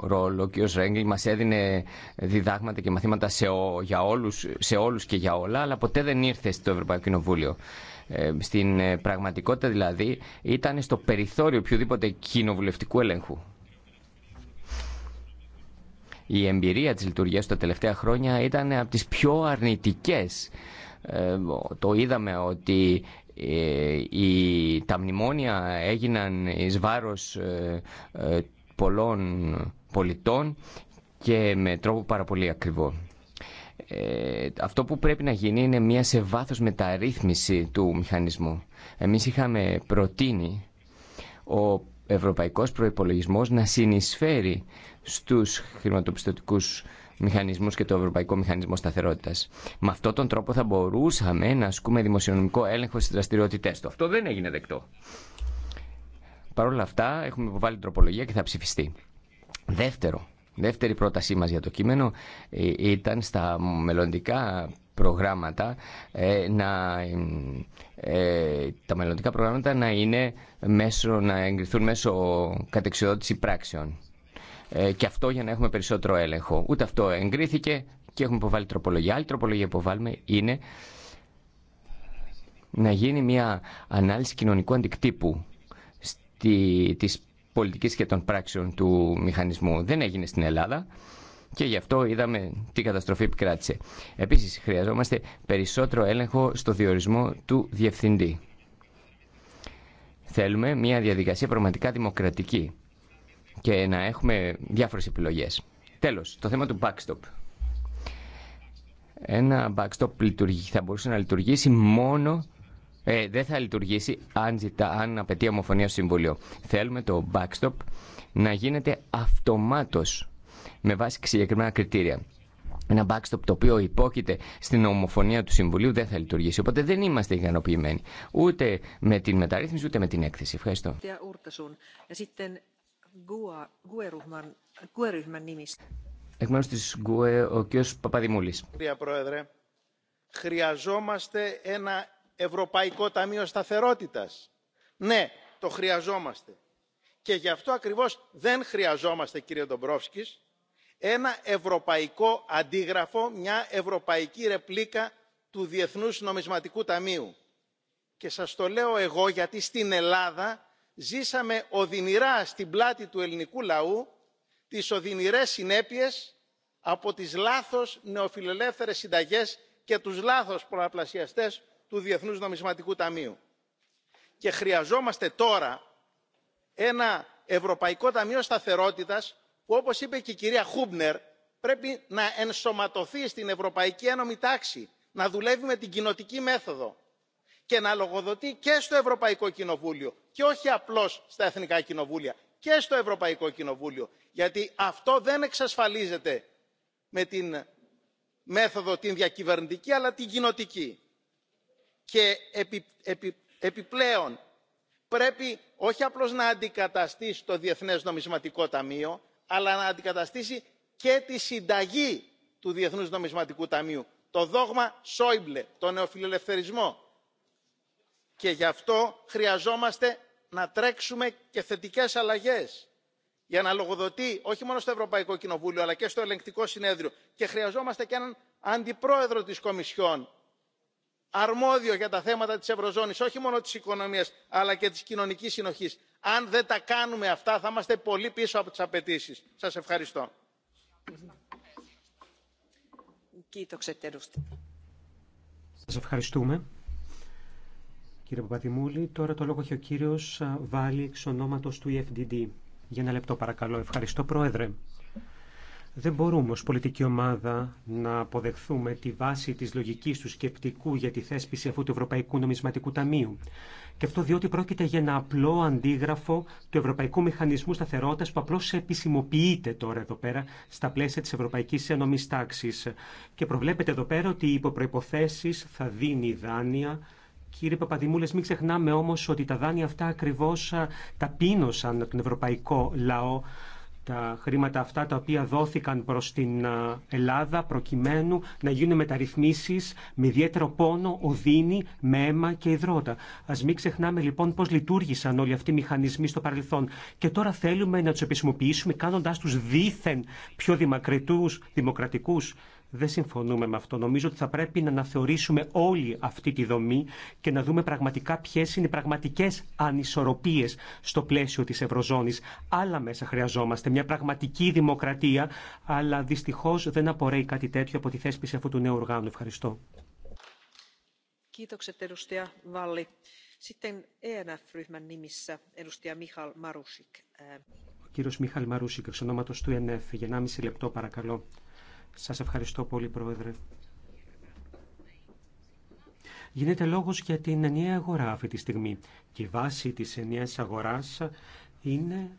ρόλο. Ο κ. Ρέγγλ μας έδινε διδάγματα και μαθήματα σε, ό, όλους, σε όλους και για όλα, αλλά ποτέ δεν ήρθε στο Ευρωπαϊκό Κοινοβούλιο. Ε, στην ε, πραγματικότητα δηλαδή ήταν στο περιθώριο οποιοδήποτε κοινοβουλευτικού ελέγχου. Η εμπειρία της λειτουργίας τα τελευταία χρόνια ήταν από τις πιο αρνητικές. Ε, το είδαμε ότι ε, η, τα μνημόνια έγιναν εις βάρος πολλών πολιτών και με τρόπο πάρα πολύ ακριβό. Ε, αυτό που πρέπει να γίνει είναι μια σε βάθος μεταρρύθμιση του μηχανισμού. Εμείς είχαμε προτείνει ο ευρωπαϊκός προϋπολογισμός να συνεισφέρει στους χρηματοπιστωτικούς μηχανισμούς και το Ευρωπαϊκό Μηχανισμό Σταθερότητας. Με αυτόν τον τρόπο θα μπορούσαμε να ασκούμε δημοσιονομικό έλεγχο στις δραστηριότητές του. Αυτό δεν έγινε δεκτό. Παρ' όλα αυτά έχουμε υποβάλει τροπολογία και θα ψηφιστεί. Δεύτερο, δεύτερη πρότασή μας για το κείμενο ε, ήταν στα μελλοντικά προγράμματα ε, να, ε, τα μελλοντικά προγράμματα να είναι μέσω, να εγκριθούν μέσω κατεξιότηση πράξεων. και αυτό για να έχουμε περισσότερο έλεγχο. Ούτε αυτό εγκρίθηκε και έχουμε υποβάλει τροπολογία. Άλλη τροπολογία που βάλουμε είναι να γίνει μια ανάλυση κοινωνικού αντικτύπου στη, της πολιτικής και των πράξεων του μηχανισμού. Δεν έγινε στην Ελλάδα και γι' αυτό είδαμε τι καταστροφή επικράτησε. Επίσης χρειαζόμαστε περισσότερο έλεγχο στο διορισμό του διευθυντή. Θέλουμε μια διαδικασία πραγματικά δημοκρατική και να έχουμε διάφορες επιλογές. Τέλος, το θέμα του backstop. Ένα backstop θα μπορούσε να λειτουργήσει μόνο ε, δεν θα λειτουργήσει αν, αν απαιτεί ομοφωνία στο Συμβούλιο. Θέλουμε το backstop να γίνεται αυτομάτως με βάση συγκεκριμένα κριτήρια. Ένα backstop το οποίο υπόκειται στην ομοφωνία του Συμβουλίου δεν θα λειτουργήσει. Οπότε δεν είμαστε ικανοποιημένοι ούτε με την μεταρρύθμιση ούτε με την έκθεση. Ευχαριστώ. Εκ μέρους της ο κ. Παπαδημούλης. Κύριε Πρόεδρε, χρειαζόμαστε ένα ευρωπαϊκό ταμείο σταθερότητας. ναι το χρειαζόμαστε και γι' αυτό ακριβώς δεν χρειαζόμαστε κύριε ντομπρόφσκης ένα ευρωπαϊκό αντίγραφο μια ευρωπαϊκή ρεπλίκα του διεθνούς νομισματικού ταμείου. και σας το λέω εγώ γιατί στην ελλάδα ζήσαμε οδυνηρά στην πλάτη του ελληνικού λαού τις οδυνηρές συνέπειες από τις λάθος νεοφιλελεύθερες συνταγές και τους λάθος πολλαπλασιαστές του διεθνούς νομισματικού ταμείου. και χρειαζόμαστε τώρα ένα ευρωπαϊκό ταμείο σταθερότητας που όπως είπε και η κυρία χούμπνερ πρέπει να ενσωματωθεί στην ευρωπαϊκή ένωμη τάξη να δουλεύει με την κοινοτική μέθοδο και να λογοδοτεί και στο ευρωπαϊκό κοινοβούλιο και όχι απλώς στα εθνικά κοινοβούλια και στο ευρωπαϊκό κοινοβούλιο γιατί αυτό δεν εξασφαλίζεται με την μέθοδο την διακυβερνητική αλλά την κοινοτική και επιπλέον πρέπει όχι απλώς να αντικαταστήσει το διεθνές νομισματικό ταμείο αλλά να αντικαταστήσει και τη συνταγή του διεθνούς νομισματικού ταμείου το δόγμα σόιμπλε τον νεοφιλελευθερισμό. και γι' αυτό χρειαζόμαστε να τρέξουμε και θετικές αλλαγές για να λογοδοτεί όχι μόνο στο ευρωπαϊκό κοινοβούλιο αλλά και στο ελεγκτικό συνέδριο και χρειαζόμαστε και έναν αντιπρόεδρο της κομισιόν αρμόδιο για τα θέματα της ευρωζώνης όχι μόνο της οικονομίας αλλά και της κοινωνικής συνοχής. αν δεν τα κάνουμε αυτά θα είμαστε πολύ πίσω από τις απαιτήσει. σας ευχαριστώ. Σας ευχαριστούμε. Κύριε Παπαδημούλη, τώρα το λόγο έχει ο κύριος Βάλη εξ ονόματος του EFDD. Για ένα λεπτό παρακαλώ. Ευχαριστώ Πρόεδρε. Δεν μπορούμε ως πολιτική ομάδα να αποδεχθούμε τη βάση της λογικής του σκεπτικού για τη θέσπιση αυτού του Ευρωπαϊκού Νομισματικού Ταμείου. Και αυτό διότι πρόκειται για ένα απλό αντίγραφο του Ευρωπαϊκού Μηχανισμού Σταθερότητα που απλώ επισημοποιείται τώρα εδώ πέρα στα πλαίσια τη Ευρωπαϊκή Ένωμη Τάξη. Και προβλέπεται εδώ πέρα ότι υπό προποθέσει θα δίνει δάνεια. Κύριε Παπαδημούλε, μην ξεχνάμε όμω ότι τα δάνεια αυτά ακριβώ ταπείνωσαν τον ευρωπαϊκό λαό τα χρήματα αυτά τα οποία δόθηκαν προς την ε, Ελλάδα προκειμένου να γίνουν μεταρρυθμίσεις με ιδιαίτερο πόνο, οδύνη, με αίμα και υδρότα. Ας μην ξεχνάμε λοιπόν πώς λειτουργήσαν όλοι αυτοί οι μηχανισμοί στο παρελθόν. Και τώρα θέλουμε να τους επισημοποιήσουμε κάνοντας τους δήθεν πιο δημοκρατικούς δεν συμφωνούμε με αυτό. Νομίζω ότι θα πρέπει να αναθεωρήσουμε όλη αυτή τη δομή και να δούμε πραγματικά ποιε είναι οι πραγματικέ ανισορροπίε στο πλαίσιο τη Ευρωζώνη. Άλλα μέσα χρειαζόμαστε. Μια πραγματική δημοκρατία. Αλλά δυστυχώ δεν απορρέει κάτι τέτοιο από τη θέσπιση αυτού του νέου οργάνου. Ευχαριστώ. E Ο Μίχαλ Μαρούσικ, εξ του ΕΝΕΦ, e για 1,5 λεπτό παρακαλώ. Σας ευχαριστώ πολύ, Πρόεδρε. Γίνεται λόγος για την ενιαία αγορά αυτή τη στιγμή και η βάση της ενιαίας αγοράς είναι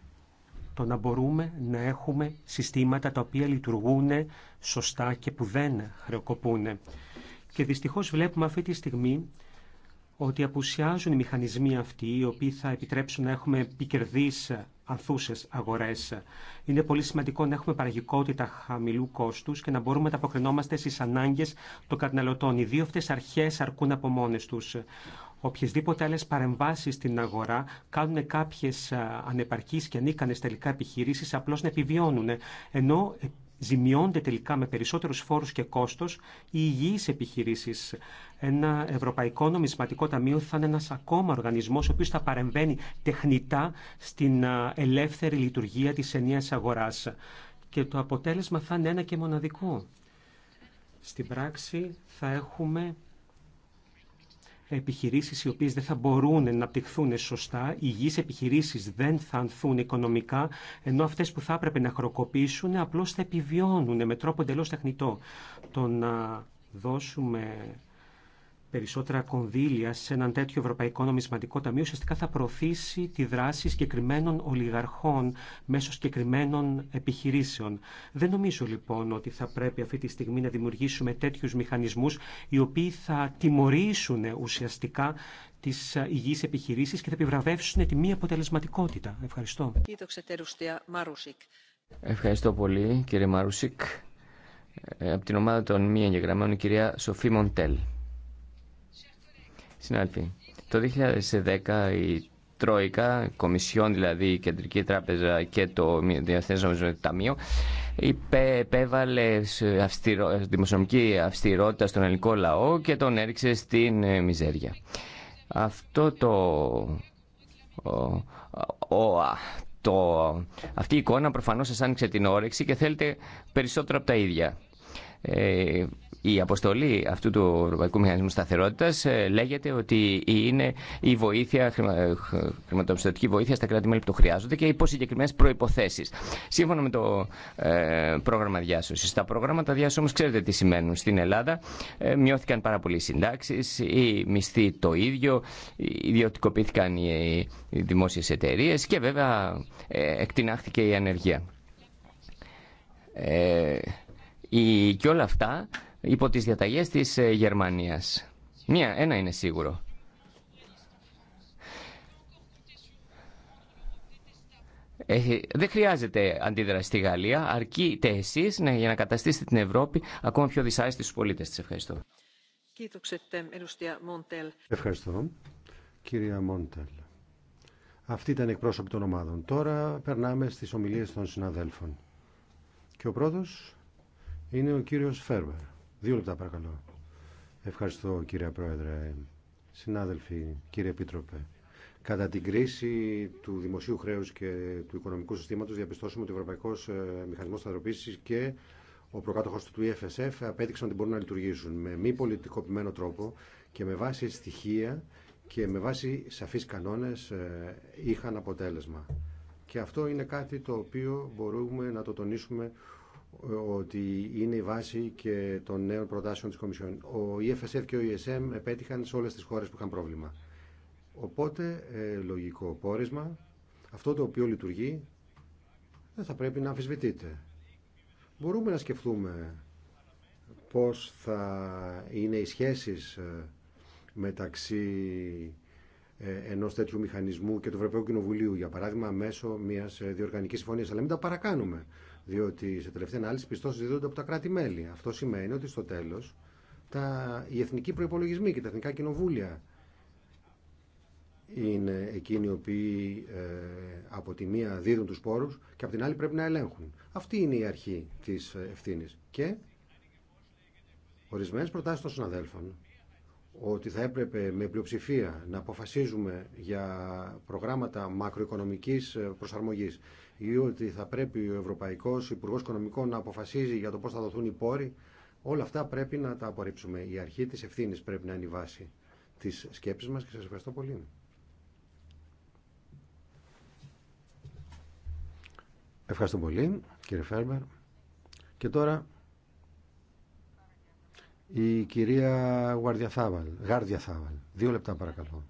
το να μπορούμε να έχουμε συστήματα τα οποία λειτουργούν σωστά και που δεν χρεοκοπούν. Και δυστυχώς βλέπουμε αυτή τη στιγμή ότι απουσιάζουν οι μηχανισμοί αυτοί οι οποίοι θα επιτρέψουν να έχουμε επικερδείς ανθούσες αγορέ. Είναι πολύ σημαντικό να έχουμε παραγικότητα χαμηλού κόστου και να μπορούμε να αποκρινόμαστε στι ανάγκε των καταναλωτών. Οι δύο αυτέ αρχέ αρκούν από μόνες του. Όποιεδήποτε άλλε παρεμβάσει στην αγορά κάνουν κάποιε ανεπαρκεί και ανίκανε τελικά επιχειρήσει απλώ να επιβιώνουν. Ενώ ζημιώνται τελικά με περισσότερους φόρους και κόστος οι υγιείς επιχειρήσεις. Ένα Ευρωπαϊκό Νομισματικό Ταμείο θα είναι ένας ακόμα οργανισμός ο οποίος θα παρεμβαίνει τεχνητά στην ελεύθερη λειτουργία της ενίας αγοράς. Και το αποτέλεσμα θα είναι ένα και μοναδικό. Στην πράξη θα έχουμε Επιχειρήσει οι οποίες δεν θα μπορούν να αναπτυχθούν σωστά, οι υγιείς επιχειρήσεις δεν θα ανθούν οικονομικά, ενώ αυτές που θα έπρεπε να χροκοπήσουν απλώς θα επιβιώνουν με τρόπο εντελώ τεχνητό. Το να δώσουμε περισσότερα κονδύλια σε έναν τέτοιο Ευρωπαϊκό Νομισματικό Ταμείο ουσιαστικά θα προωθήσει τη δράση συγκεκριμένων ολιγαρχών μέσω συγκεκριμένων επιχειρήσεων. Δεν νομίζω λοιπόν ότι θα πρέπει αυτή τη στιγμή να δημιουργήσουμε τέτοιους μηχανισμούς οι οποίοι θα τιμωρήσουν ουσιαστικά τι υγιεί επιχειρήσει και θα επιβραβεύσουν τη μη αποτελεσματικότητα. Ευχαριστώ. Ευχαριστώ πολύ, κύριε Μαρούσικ. Ε, από την ομάδα των μη εγγεγραμμένων, κυρία Σοφή Μοντέλ. Συνάλφη, το 2010 η Τρόικα, η Κομισιόν δηλαδή, η Κεντρική Τράπεζα και το Διεθνές Νομισματικό Ταμείο, επέβαλε αυστηρο... δημοσιονομική αυστηρότητα στον ελληνικό λαό και τον έριξε στην ε, μιζέρια. Αυτό το... Αυτή η εικόνα προφανώς σας άνοιξε την όρεξη και θέλετε περισσότερο από τα ίδια. Ε, η αποστολή αυτού του Ευρωπαϊκού Μηχανισμού Σταθερότητα ε, λέγεται ότι είναι η βοήθεια, ε, χρηματοπιστωτική βοήθεια στα κράτη-μέλη που το χρειάζονται και υπό συγκεκριμένε προποθέσει. Σύμφωνα με το πρόγραμμα διάσωση. Τα προγράμματα διάσωση όμω ξέρετε τι σημαίνουν. Στην Ελλάδα μειώθηκαν πάρα πολλοί συντάξει, οι μισθοί το ίδιο, ιδιωτικοποιήθηκαν οι, οι δημόσιε εταιρείε και βέβαια ε, εκτινάχθηκε η ανεργία. Ε, η, και όλα αυτά υπό τις διαταγές της ε, Γερμανίας. Μία, ένα είναι σίγουρο. Ε, δεν χρειάζεται αντίδραση στη Γαλλία, αρκείτε εσείς για να καταστήσετε την Ευρώπη ακόμα πιο δυσάρεστη στους πολίτες της. Ευχαριστώ. Ευχαριστώ, κυρία Μόντελ. Αυτή ήταν εκπρόσωποι των ομάδων. Τώρα περνάμε στις ομιλίες των συναδέλφων. Και ο πρώτος είναι ο κύριος Φέρμερ. Δύο λεπτά παρακαλώ. Ευχαριστώ κύριε Πρόεδρε, συνάδελφοι, κύριε Επίτροπε. Κατά την κρίση του δημοσίου χρέους και του οικονομικού συστήματος διαπιστώσαμε ότι ο Ευρωπαϊκός ε, Μηχανισμός Σταθεροποίησης και ο προκάτοχος του EFSF απέδειξαν ότι μπορούν να λειτουργήσουν με μη πολιτικοποιημένο τρόπο και με βάση στοιχεία και με βάση σαφείς κανόνες ε, είχαν αποτέλεσμα. Και αυτό είναι κάτι το οποίο μπορούμε να το τονίσουμε ότι είναι η βάση και των νέων προτάσεων της Κομισιόν. Ο EFSF και ο ESM επέτυχαν σε όλες τις χώρες που είχαν πρόβλημα. Οπότε, ε, λογικό πόρισμα, αυτό το οποίο λειτουργεί δεν θα πρέπει να αμφισβητείται. Μπορούμε να σκεφτούμε πώς θα είναι οι σχέσεις ε, μεταξύ ε, ενό τέτοιου μηχανισμού και του Ευρωπαϊκού Κοινοβουλίου, για παράδειγμα, μέσω μια διοργανική συμφωνία. Αλλά μην τα παρακάνουμε. Διότι σε τελευταία ανάλυση πιστώσει δίδονται από τα κράτη-μέλη. Αυτό σημαίνει ότι στο τέλο τα... οι εθνικοί προπολογισμοί και τα εθνικά κοινοβούλια είναι εκείνοι οι οποίοι ε, από τη μία δίδουν τους πόρου και από την άλλη πρέπει να ελέγχουν. Αυτή είναι η αρχή τη ε, Ευθύνη. Και ορισμένε προτάσει των συναδέλφων ότι θα έπρεπε με πλειοψηφία να αποφασίζουμε για προγράμματα μακροοικονομικής ε, προσαρμογής ή ότι θα πρέπει ο Ευρωπαϊκός Υπουργό Οικονομικών να αποφασίζει για το πώς θα δοθούν οι πόροι, όλα αυτά πρέπει να τα απορρίψουμε. Η αρχή της ευθύνη πρέπει να είναι η βάση της σκέψης μας και σας ευχαριστώ πολύ. Ευχαριστώ πολύ κύριε Φέρμερ. Και τώρα η κυρία Θάβαλ, Γάρδια Θάβαλ. Δύο λεπτά παρακαλώ.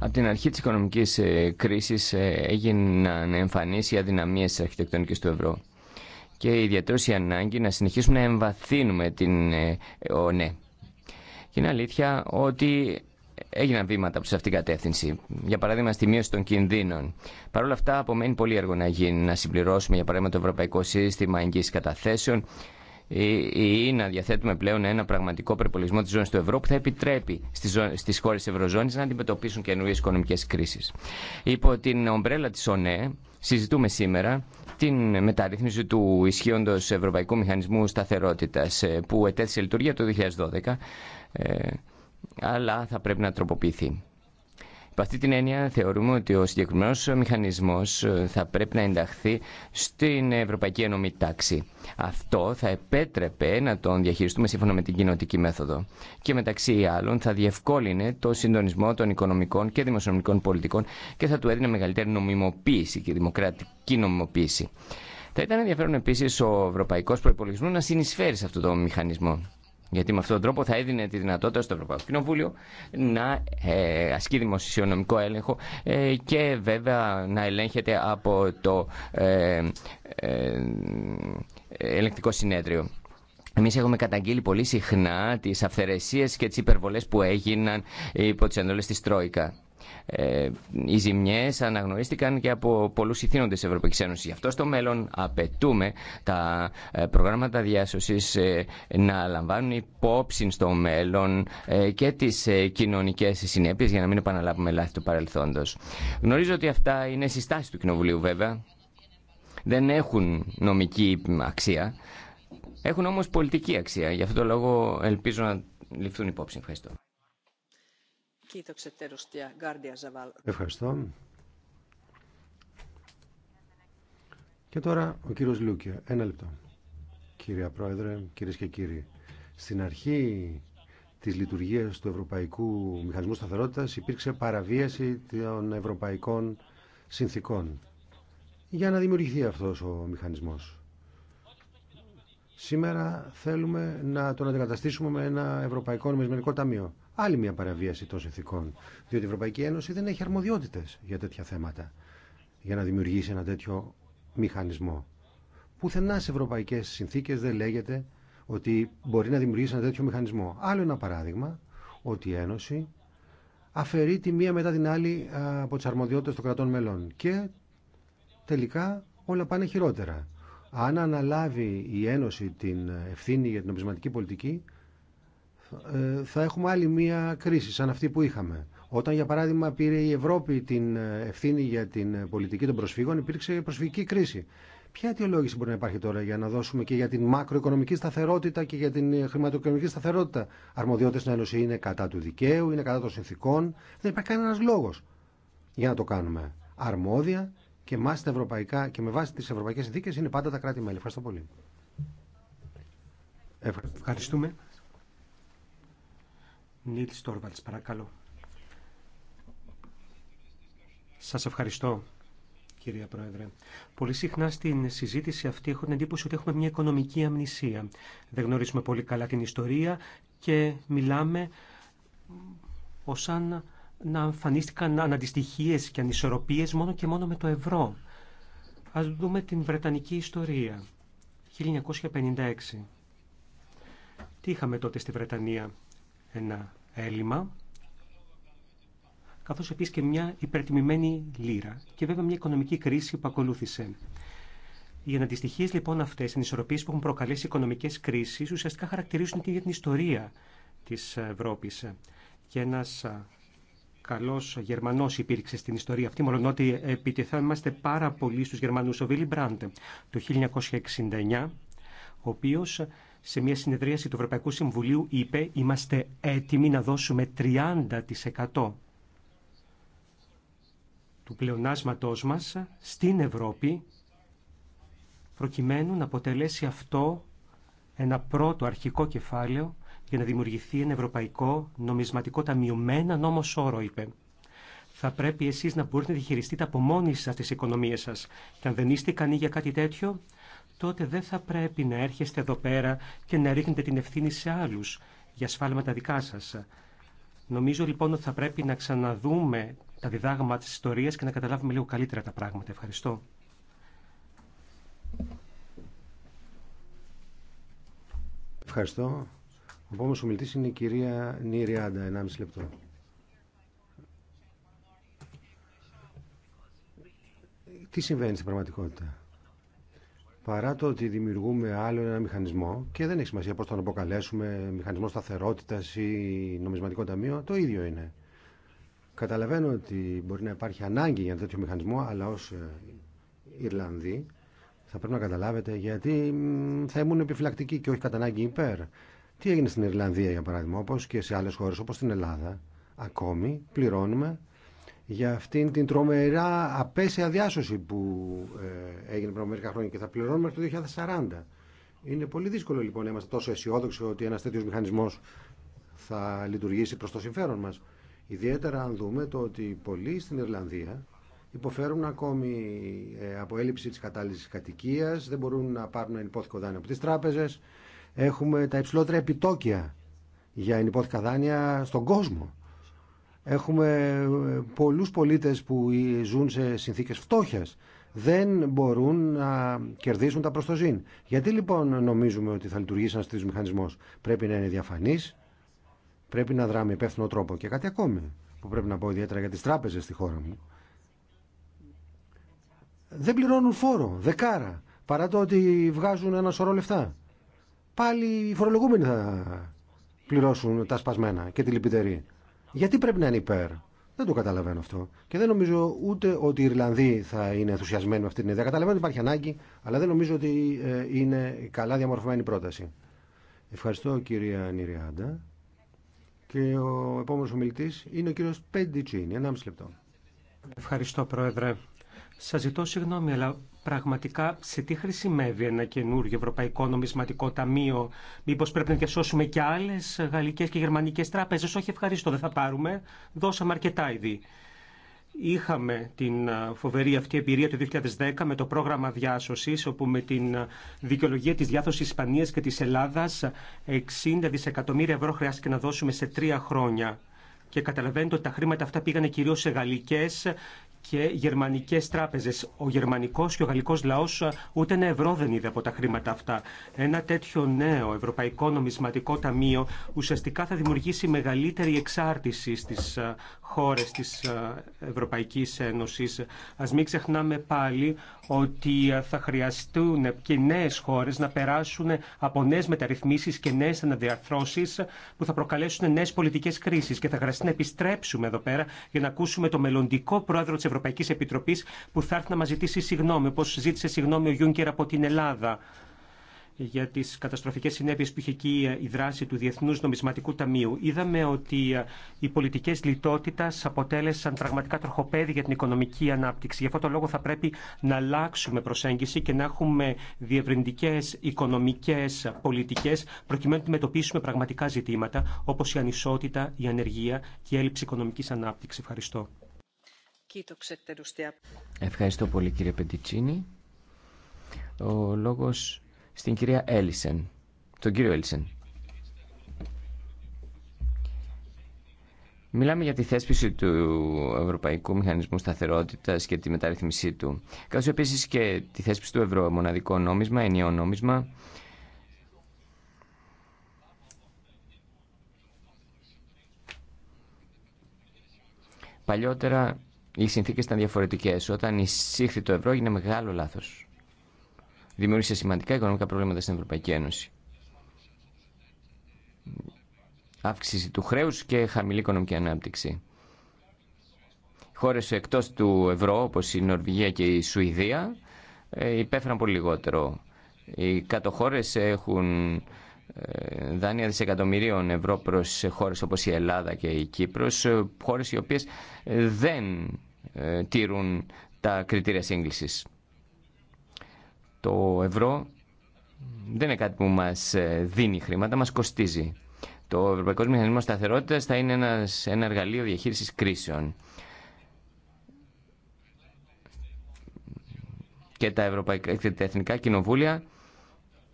Από την αρχή της οικονομικής ε, κρίσης ε, έγιναν εμφανίσει οι αδυναμίες της αρχιτεκτονικής του ευρώ και ιδιαίτερω η ανάγκη να συνεχίσουμε να εμβαθύνουμε την ΟΝΕ. Ναι. Και είναι αλήθεια ότι έγιναν βήματα προ αυτήν την κατεύθυνση. Για παράδειγμα, στη μείωση των κινδύνων. Παρ' όλα αυτά, απομένει πολύ έργο να γίνει, να συμπληρώσουμε, για παράδειγμα, το Ευρωπαϊκό Σύστημα Εγγύηση Καταθέσεων ή, ε, ε, ή να διαθέτουμε πλέον ένα πραγματικό περιπολισμό τη ζώνη του ευρώ που θα επιτρέπει στι χώρε τη Ευρωζώνη να αντιμετωπίσουν καινούριε οικονομικέ κρίσει. Υπό την ομπρέλα τη ΟΝΕ, συζητούμε σήμερα την μεταρρύθμιση του ισχύοντο Ευρωπαϊκού Μηχανισμού Σταθερότητα ε, που ετέθησε λειτουργία το 2012 αλλά θα πρέπει να τροποποιηθεί. Υπ' αυτή την έννοια θεωρούμε ότι ο συγκεκριμένος μηχανισμός ε, θα πρέπει να ενταχθεί στην Ευρωπαϊκή Ενωμή Τάξη. Αυτό θα επέτρεπε να τον διαχειριστούμε σύμφωνα με την κοινοτική μέθοδο. Και μεταξύ άλλων θα διευκόλυνε το συντονισμό των οικονομικών και δημοσιονομικών πολιτικών και θα του έδινε μεγαλύτερη νομιμοποίηση και δημοκρατική νομιμοποίηση. Θα ήταν ενδιαφέρον επίσης ο ευρωπαϊκός προπολογισμό να συνεισφέρει σε αυτό το μηχανισμό. Γιατί με αυτόν τον τρόπο θα έδινε τη δυνατότητα στο Ευρωπαϊκό Κοινοβούλιο να ε, ασκεί δημοσιονομικό έλεγχο ε, και βέβαια να ελέγχεται από το ε, ε, ελεγκτικό συνέδριο. Εμείς έχουμε καταγγείλει πολύ συχνά τις αυθαιρεσίες και τις υπερβολές που έγιναν υπό τις εντολές της Τρόικα. Ε, οι ζημιέ αναγνωρίστηκαν και από πολλούς ηθήνοντες τη Ευρωπαϊκή Ένωση. Γι' αυτό στο μέλλον απαιτούμε τα ε, προγράμματα διάσωση ε, να λαμβάνουν υπόψη στο μέλλον και τι κοινωνικέ συνέπειε για να μην επαναλάβουμε λάθη του παρελθόντος. Γνωρίζω ότι αυτά είναι συστάσει του Κοινοβουλίου βέβαια. Δεν έχουν νομική αξία. Έχουν όμως πολιτική αξία. Γι' αυτό το λόγο ελπίζω να ληφθούν υπόψη. Ευχαριστώ. Ευχαριστώ. Και τώρα ο κύριος Λούκε. Ένα λεπτό. Κύριε Πρόεδρε, κυρίες και κύριοι. Στην αρχή της λειτουργίας του Ευρωπαϊκού Μηχανισμού Σταθερότητας υπήρξε παραβίαση των ευρωπαϊκών συνθήκων για να δημιουργηθεί αυτός ο μηχανισμός. Σήμερα θέλουμε να τον αντικαταστήσουμε με ένα Ευρωπαϊκό Νομισματικό Ταμείο. Άλλη μια παραβίαση των συνθήκων. Διότι η Ευρωπαϊκή Ένωση δεν έχει αρμοδιότητε για τέτοια θέματα. Για να δημιουργήσει ένα τέτοιο μηχανισμό. Πουθενά σε ευρωπαϊκέ συνθήκε δεν λέγεται ότι μπορεί να δημιουργήσει ένα τέτοιο μηχανισμό. Άλλο ένα παράδειγμα ότι η Ένωση αφαιρεί τη μία μετά την άλλη από τι αρμοδιότητε των κρατών μελών. Και τελικά όλα πάνε χειρότερα. Αν αναλάβει η Ένωση την ε, ευθύνη για την νομισματική πολιτική, ε, θα έχουμε άλλη μία κρίση σαν αυτή που είχαμε. Όταν, για παράδειγμα, πήρε η Ευρώπη την ε, ευθύνη για την πολιτική των προσφύγων, υπήρξε προσφυγική κρίση. Ποια αιτιολόγηση μπορεί να υπάρχει τώρα για να δώσουμε και για την μακροοικονομική σταθερότητα και για την χρηματοοικονομική σταθερότητα. Αρμοδιότητε στην Ένωση είναι κατά του δικαίου, είναι κατά των συνθήκων. Δεν υπάρχει κανένα λόγο για να το κάνουμε. Αρμόδια και, ευρωπαϊκά, και με βάση τις ευρωπαϊκές συνθήκε είναι πάντα τα κράτη-μέλη. Ευχαριστώ πολύ. Ευχαριστούμε. Νίλ Στόρβαλτς, παρακαλώ. Σας ευχαριστώ, κυρία Πρόεδρε. Πολύ συχνά στην συζήτηση αυτή έχω την εντύπωση ότι έχουμε μια οικονομική αμνησία. Δεν γνωρίζουμε πολύ καλά την ιστορία και μιλάμε ως αν να εμφανίστηκαν αναντιστοιχίε και ανισορροπίε μόνο και μόνο με το ευρώ. Ας δούμε την Βρετανική ιστορία. 1956. Τι είχαμε τότε στη Βρετανία. Ένα έλλειμμα, καθώς επίσης και μια υπερτιμημένη λίρα και βέβαια μια οικονομική κρίση που ακολούθησε. Οι αναντιστοιχίε λοιπόν αυτέ, οι ανισορροπίε που έχουν προκαλέσει οικονομικέ κρίσει, ουσιαστικά χαρακτηρίζουν την ίδια την ιστορία τη Ευρώπη. Και ένα Καλό γερμανό υπήρξε στην ιστορία αυτή, μόνο ότι επιτεθάμαστε πάρα πολύ στου Γερμανού, Ο Βίλι Μπραντ το 1969, ο οποίο σε μια συνεδρίαση του Ευρωπαϊκού Συμβουλίου είπε «Είμαστε έτοιμοι να δώσουμε 30% του πλεονάσματός μας στην Ευρώπη προκειμένου να αποτελέσει αυτό ένα πρώτο αρχικό κεφάλαιο για να δημιουργηθεί ένα ευρωπαϊκό νομισματικό ταμείο με όρο, είπε. Θα πρέπει εσεί να μπορείτε να διχειριστείτε από μόνοι σα τι οικονομίε σα. Και αν δεν είστε ικανοί για κάτι τέτοιο, τότε δεν θα πρέπει να έρχεστε εδώ πέρα και να ρίχνετε την ευθύνη σε άλλου για σφάλματα δικά σα. Νομίζω λοιπόν ότι θα πρέπει να ξαναδούμε τα διδάγματα της ιστορίας και να καταλάβουμε λίγο καλύτερα τα πράγματα. Ευχαριστώ. Ευχαριστώ. Ο επόμενο ομιλητή είναι η κυρία Νιριάντα, 1,5 λεπτό. Τι συμβαίνει στην πραγματικότητα. Παρά το ότι δημιουργούμε άλλο ένα μηχανισμό και δεν έχει σημασία πώ τον αποκαλέσουμε, μηχανισμό σταθερότητα ή νομισματικό ταμείο, το ίδιο είναι. Καταλαβαίνω ότι μπορεί να υπάρχει ανάγκη για ένα τέτοιο μηχανισμό, αλλά ω ε, Ιρλανδοί θα πρέπει να καταλάβετε γιατί θα ήμουν επιφυλακτικοί και όχι κατά ανάγκη υπέρ. Τι έγινε στην Ιρλανδία, για παράδειγμα, όπω και σε άλλε χώρε, όπω στην Ελλάδα, ακόμη πληρώνουμε για αυτήν την τρομερά απέσια διάσωση που ε, έγινε πριν από μερικά χρόνια και θα πληρώνουμε μέχρι το 2040. Είναι πολύ δύσκολο λοιπόν να είμαστε τόσο αισιόδοξοι ότι ένα τέτοιο μηχανισμό θα λειτουργήσει προ το συμφέρον μα. Ιδιαίτερα αν δούμε το ότι πολλοί στην Ιρλανδία υποφέρουν ακόμη ε, από έλλειψη τη κατάλληλη κατοικία, δεν μπορούν να πάρουν ενυπόθηκο δάνειο από τι τράπεζε Έχουμε τα υψηλότερα επιτόκια για ενυπόθηκα δάνεια στον κόσμο. Έχουμε ε, πολλούς πολίτες που ζουν σε συνθήκες φτώχειας. Δεν μπορούν να κερδίσουν τα προστοζήν. Γιατί λοιπόν νομίζουμε ότι θα λειτουργήσει ένας Πρέπει να είναι διαφανής, πρέπει να δράμε υπεύθυνο τρόπο. Και κάτι ακόμη που πρέπει να πω ιδιαίτερα για τις τράπεζες στη χώρα μου. Δεν πληρώνουν φόρο, δεκάρα, παρά το ότι βγάζουν ένα σωρό λεφτά πάλι οι φορολογούμενοι θα πληρώσουν τα σπασμένα και τη λυπητερή. Γιατί πρέπει να είναι υπέρ. Δεν το καταλαβαίνω αυτό. Και δεν νομίζω ούτε ότι οι Ιρλανδοί θα είναι ενθουσιασμένοι με αυτή την ιδέα. Καταλαβαίνω ότι υπάρχει ανάγκη, αλλά δεν νομίζω ότι ε, είναι καλά διαμορφωμένη πρόταση. Ευχαριστώ κυρία Νιριάντα. Και ο επόμενο ομιλητή είναι ο κύριο Πεντιτσίνη. Ένα λεπτό. Ευχαριστώ, Πρόεδρε. Σα ζητώ συγγνώμη, αλλά πραγματικά σε τι χρησιμεύει ένα καινούριο Ευρωπαϊκό Νομισματικό Ταμείο. Μήπως πρέπει να διασώσουμε και άλλες γαλλικές και γερμανικές τράπεζες. Όχι ευχαριστώ, δεν θα πάρουμε. Δώσαμε αρκετά ήδη. Είχαμε την φοβερή αυτή εμπειρία του 2010 με το πρόγραμμα διάσωσης, όπου με την δικαιολογία της διάθεσης Ισπανίας και της Ελλάδας 60 δισεκατομμύρια ευρώ χρειάστηκε να δώσουμε σε τρία χρόνια. Και καταλαβαίνετε ότι τα χρήματα αυτά πήγανε κυρίω σε γαλλικέ και γερμανικέ τράπεζε. Ο γερμανικό και ο γαλλικό λαό ε, ούτε ένα ευρώ δεν είδε από τα χρήματα αυτά. Ένα τέτοιο νέο Ευρωπαϊκό Νομισματικό Ταμείο ουσιαστικά θα δημιουργήσει μεγαλύτερη εξάρτηση στι ε, χώρε τη ε, Ευρωπαϊκή Ένωση. Α μην ξεχνάμε πάλι ότι θα χρειαστούν και νέε χώρε να περάσουν από νέε μεταρρυθμίσει και νέε αναδιαρθρώσει που θα προκαλέσουν νέε πολιτικέ κρίσει. Και θα χρειαστεί να επιστρέψουμε εδώ πέρα για να ακούσουμε το μελλοντικό πρόεδρο τη Ευρωπαϊκή Επιτροπή που θα έρθει να μα ζητήσει συγγνώμη, όπω ζήτησε συγγνώμη ο Γιούνκερ από την Ελλάδα για τι καταστροφικέ συνέπειε που είχε εκεί η δράση του Διεθνού Νομισματικού Ταμείου. Είδαμε ότι ε, οι πολιτικέ λιτότητα αποτέλεσαν πραγματικά τροχοπέδι για την οικονομική ανάπτυξη. Γι' αυτό το λόγο θα πρέπει να αλλάξουμε προσέγγιση και να έχουμε διευρυντικέ οικονομικέ πολιτικέ προκειμένου να αντιμετωπίσουμε πραγματικά ζητήματα όπω η ανισότητα, η ανεργία και η έλλειψη οικονομική ανάπτυξη. Ευχαριστώ. Ευχαριστώ πολύ κύριε Πεντιτσίνη. Ο λόγος στην κυρία Έλισεν, τον κύριο Έλισεν. Μιλάμε για τη θέσπιση του Ευρωπαϊκού Μηχανισμού Σταθερότητα και τη μεταρρύθμιση του. Καθώ επίση και τη θέσπιση του Ευρωμοναδικό Νόμισμα, ενιαίο νόμισμα. Παλιότερα οι συνθήκε ήταν διαφορετικέ. Όταν εισήχθη το ευρώ έγινε μεγάλο λάθος. Δημιούργησε σημαντικά οικονομικά προβλήματα στην Ευρωπαϊκή Ένωση. Αύξηση του χρέους και χαμηλή οικονομική ανάπτυξη. Χώρες εκτός του ευρώ, όπως η Νορβηγία και η Σουηδία, ε, υπέφεραν πολύ λιγότερο. Οι κάτω έχουν ε, δάνεια δισεκατομμυρίων ευρώ προς χώρες όπως η Ελλάδα και η Κύπρος, ε, χώρες οι οποίες ε, δεν τήρουν τα κριτήρια σύγκλησης. Το ευρώ δεν είναι κάτι που μας δίνει χρήματα, μας κοστίζει. Το Ευρωπαϊκό Μηχανισμό Σταθερότητας θα είναι ένα εργαλείο διαχείρισης κρίσεων. Και τα, Ευρωπαϊκά, και τα Εθνικά Κοινοβούλια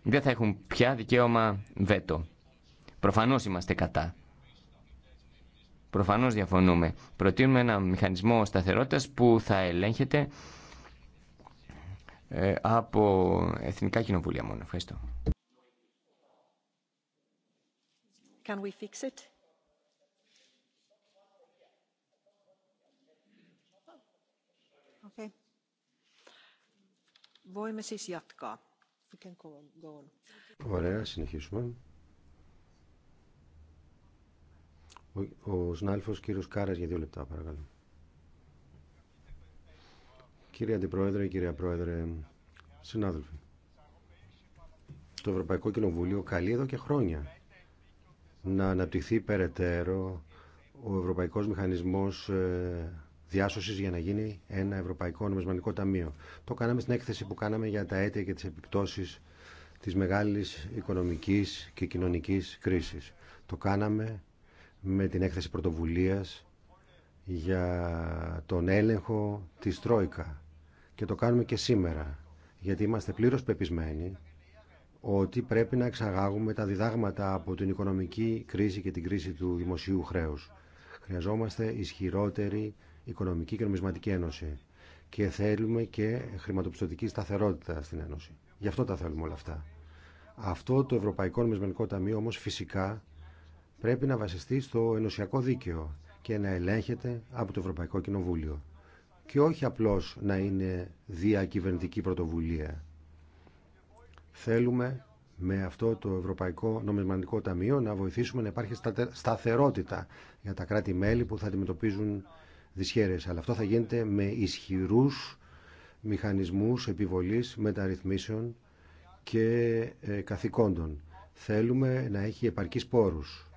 δεν θα έχουν πια δικαίωμα βέτο. Προφανώς είμαστε κατά. Προφανώς διαφωνούμε. Προτείνουμε ένα μηχανισμό σταθερότητας που θα ελέγχεται ε, από εθνικά κοινοβούλια μόνο. Ευχαριστώ. Can we fix it? Okay. Voimme Ωραία, συνεχίσουμε. Ο, ο κύριος Κάρας για δύο λεπτά, παρακαλώ. Κύριε Αντιπρόεδρε, κυρία Πρόεδρε, συνάδελφοι. Το Ευρωπαϊκό Κοινοβούλιο καλεί εδώ και χρόνια να αναπτυχθεί περαιτέρω ο Ευρωπαϊκός Μηχανισμός ε, διάσωση για να γίνει ένα Ευρωπαϊκό Νομισματικό Ταμείο. Το κάναμε στην έκθεση που κάναμε για τα αίτια και τι επιπτώσει τη μεγάλη οικονομική και κοινωνική κρίση. Το κάναμε με την έκθεση πρωτοβουλία για τον έλεγχο της Τρόικα και το κάνουμε και σήμερα γιατί είμαστε πλήρως πεπισμένοι ότι πρέπει να εξαγάγουμε τα διδάγματα από την οικονομική κρίση και την κρίση του δημοσίου χρέους. Χρειαζόμαστε ισχυρότερη Οικονομική και Νομισματική Ένωση και θέλουμε και χρηματοπιστωτική σταθερότητα στην Ένωση. Γι' αυτό τα θέλουμε όλα αυτά. Αυτό το Ευρωπαϊκό Νομισματικό Ταμείο όμως φυσικά πρέπει να βασιστεί στο ενωσιακό δίκαιο και να ελέγχεται από το Ευρωπαϊκό Κοινοβούλιο και όχι απλώς να είναι διακυβερνητική πρωτοβουλία. Θέλουμε με αυτό το Ευρωπαϊκό Νομισματικό Ταμείο να βοηθήσουμε να υπάρχει σταθερότητα για τα κράτη-μέλη που θα αντιμετωπίζουν δυσχέρειες. Αλλά αυτό θα γίνεται με ισχυρούς μηχανισμούς επιβολής μεταρρυθμίσεων και ε, καθηκόντων. Θέλουμε να έχει επαρκείς πόρους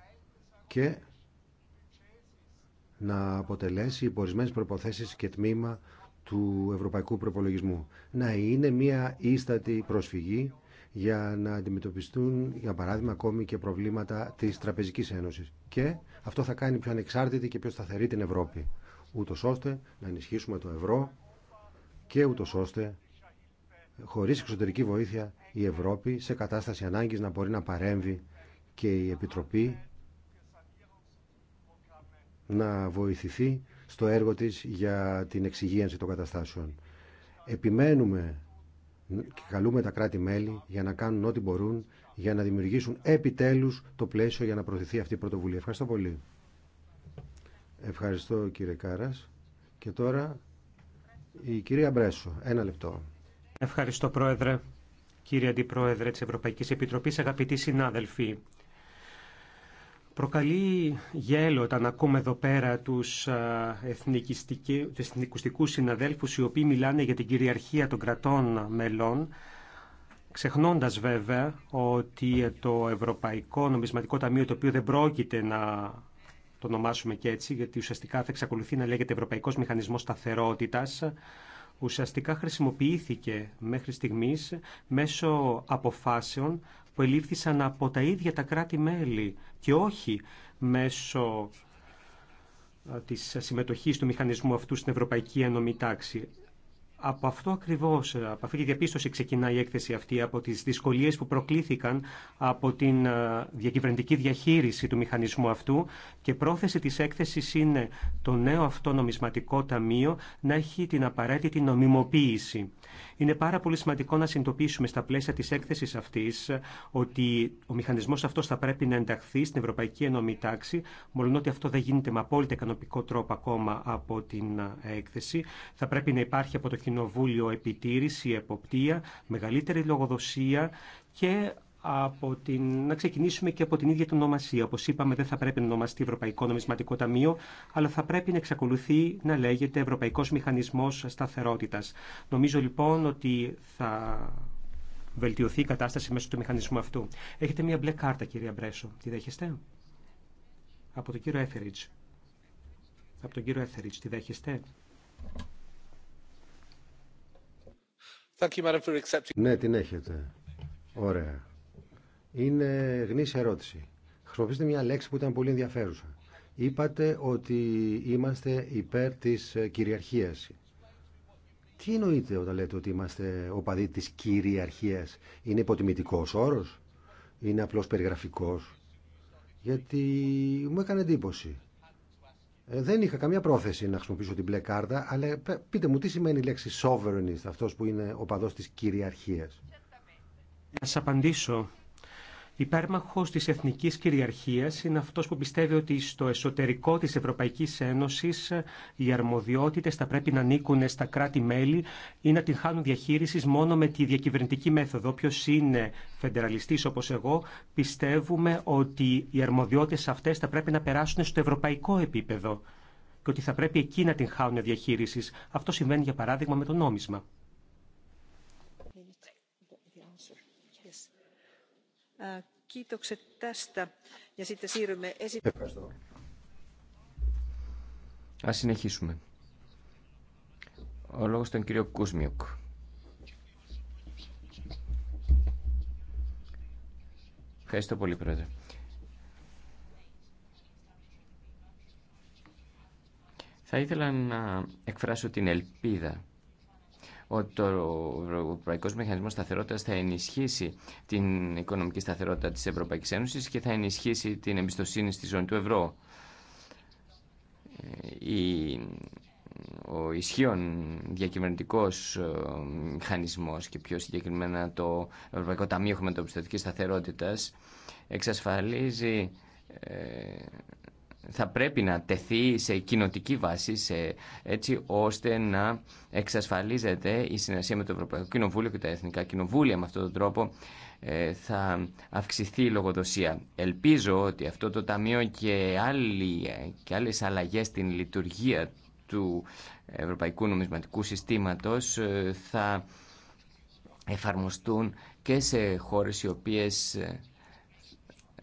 και να αποτελέσει υπορισμένες προποθέσεις και τμήμα του ευρωπαϊκού προπολογισμού. Να είναι μια ίστατη προσφυγή για να αντιμετωπιστούν, για παράδειγμα, ακόμη και προβλήματα της Τραπεζικής Ένωσης. Και αυτό θα κάνει πιο ανεξάρτητη και πιο σταθερή την Ευρώπη ούτως ώστε να ενισχύσουμε το ευρώ και ούτως ώστε χωρίς εξωτερική βοήθεια η Ευρώπη σε κατάσταση ανάγκης να μπορεί να παρέμβει και η Επιτροπή να βοηθηθεί στο έργο της για την εξυγίανση των καταστάσεων. Επιμένουμε και καλούμε τα κράτη-μέλη για να κάνουν ό,τι μπορούν για να δημιουργήσουν επιτέλους το πλαίσιο για να προωθηθεί αυτή η πρωτοβουλία. Ευχαριστώ πολύ. Ευχαριστώ κύριε Κάρας. Και τώρα η κυρία Μπρέσο. Ένα λεπτό. Ευχαριστώ πρόεδρε. Κύριε Αντιπρόεδρε της Ευρωπαϊκής Επιτροπής, αγαπητοί συνάδελφοι, Προκαλεί γέλο όταν ακούμε εδώ πέρα τους εθνικιστικούς συναδέλφους οι οποίοι μιλάνε για την κυριαρχία των κρατών μελών ξεχνώντας βέβαια ότι το Ευρωπαϊκό Νομισματικό Ταμείο το οποίο δεν πρόκειται να το ονομάσουμε και έτσι, γιατί ουσιαστικά θα εξακολουθεί να λέγεται Ευρωπαϊκός Μηχανισμός σταθερότητα. ουσιαστικά χρησιμοποιήθηκε μέχρι στιγμή μέσω αποφάσεων που ελήφθησαν από τα ίδια τα κράτη-μέλη και όχι μέσω της συμμετοχής του μηχανισμού αυτού στην Ευρωπαϊκή Ενωμή Τάξη. Από αυτό ακριβώς, ε, από αυτή τη διαπίστωση ξεκινά η έκθεση αυτή, από τις δυσκολίες που προκλήθηκαν από την ε, διακυβερνητική διαχείριση του μηχανισμού αυτού και πρόθεση της έκθεσης είναι το νέο αυτό νομισματικό ταμείο να έχει την απαραίτητη νομιμοποίηση. Είναι πάρα πολύ σημαντικό να συνειδητοποιήσουμε στα πλαίσια της έκθεσης αυτής ε, ότι ο μηχανισμός αυτός θα πρέπει να ενταχθεί στην Ευρωπαϊκή Ενωμή Τάξη, μόλον ότι αυτό δεν γίνεται με απόλυτα ικανοποιητικό τρόπο ακόμα από την έκθεση. Θα πρέπει να υπάρχει από το κοινό. Κοινοβούλιο επιτήρηση, εποπτεία, μεγαλύτερη λογοδοσία και από την, να ξεκινήσουμε και από την ίδια την ονομασία. Όπω είπαμε, δεν θα πρέπει να ονομαστεί Ευρωπαϊκό Νομισματικό Ταμείο, αλλά θα πρέπει να εξακολουθεί να λέγεται Ευρωπαϊκό Μηχανισμό Σταθερότητα. Νομίζω λοιπόν ότι θα βελτιωθεί η κατάσταση μέσω του μηχανισμού αυτού. Έχετε μία μπλε κάρτα, κυρία Μπρέσο. Τη δέχεστε? Από τον κύριο Έθεριτ. Από τον κύριο Έθεριτ, τη δέχεστε? Ναι, την έχετε. Ωραία. Είναι γνήσια ερώτηση. Χρησιμοποιήσετε μια λέξη που ήταν πολύ ενδιαφέρουσα. Είπατε ότι είμαστε υπέρ της ε, κυριαρχίας. Τι εννοείτε όταν λέτε ότι είμαστε οπαδοί της κυριαρχίας. Είναι υποτιμητικός όρος. Είναι απλώς περιγραφικός. Γιατί μου έκανε εντύπωση. Ε, δεν είχα καμία πρόθεση να χρησιμοποιήσω την μπλε κάρτα, αλλά πείτε μου τι σημαίνει η λέξη sovereignist, αυτός που είναι ο παδός της κυριαρχίας. Να απαντήσω Υπέρμαχος της εθνικής κυριαρχίας είναι αυτός που πιστεύει ότι στο εσωτερικό της Ευρωπαϊκής Ένωσης οι αρμοδιότητες θα πρέπει να ανήκουν στα κράτη-μέλη ή να την χάνουν διαχείριση μόνο με τη διακυβερνητική μέθοδο. Όποιο είναι φεντεραλιστής όπως εγώ, πιστεύουμε ότι οι αρμοδιότητες αυτές θα πρέπει να περάσουν στο ευρωπαϊκό επίπεδο και ότι θα πρέπει εκεί να την χάνουν διαχείριση. Αυτό συμβαίνει για παράδειγμα με το νόμισμα. Äh, Ευχαριστώ. Ας συνεχίσουμε. Ο λόγος τον κύριο Κούσμιουκ. Ευχαριστώ πολύ, Πρόεδρε. Θα ήθελα να εκφράσω την ελπίδα ότι το Ευρωπαϊκό Μηχανισμό Σταθερότητα θα ενισχύσει την οικονομική σταθερότητα τη Ευρωπαϊκή Ένωση και θα ενισχύσει την εμπιστοσύνη στη ζώνη του ευρώ. Ε, ο ισχύων διακυβερνητικό ε, μηχανισμός και πιο συγκεκριμένα το Ευρωπαϊκό Ταμείο Χρηματοπιστωτικής σταθερότητα εξασφαλίζει ε, θα πρέπει να τεθεί σε κοινοτική βάση έτσι ώστε να εξασφαλίζεται η συνεργασία με το Ευρωπαϊκό Κοινοβούλιο και τα Εθνικά Κοινοβούλια. Με αυτόν τον τρόπο ε, θα αυξηθεί η λογοδοσία. Ελπίζω ότι αυτό το Ταμείο και, άλλοι, και άλλες αλλαγές στην λειτουργία του Ευρωπαϊκού Νομισματικού Συστήματος ε, θα εφαρμοστούν και σε χώρες οι οποίες ε,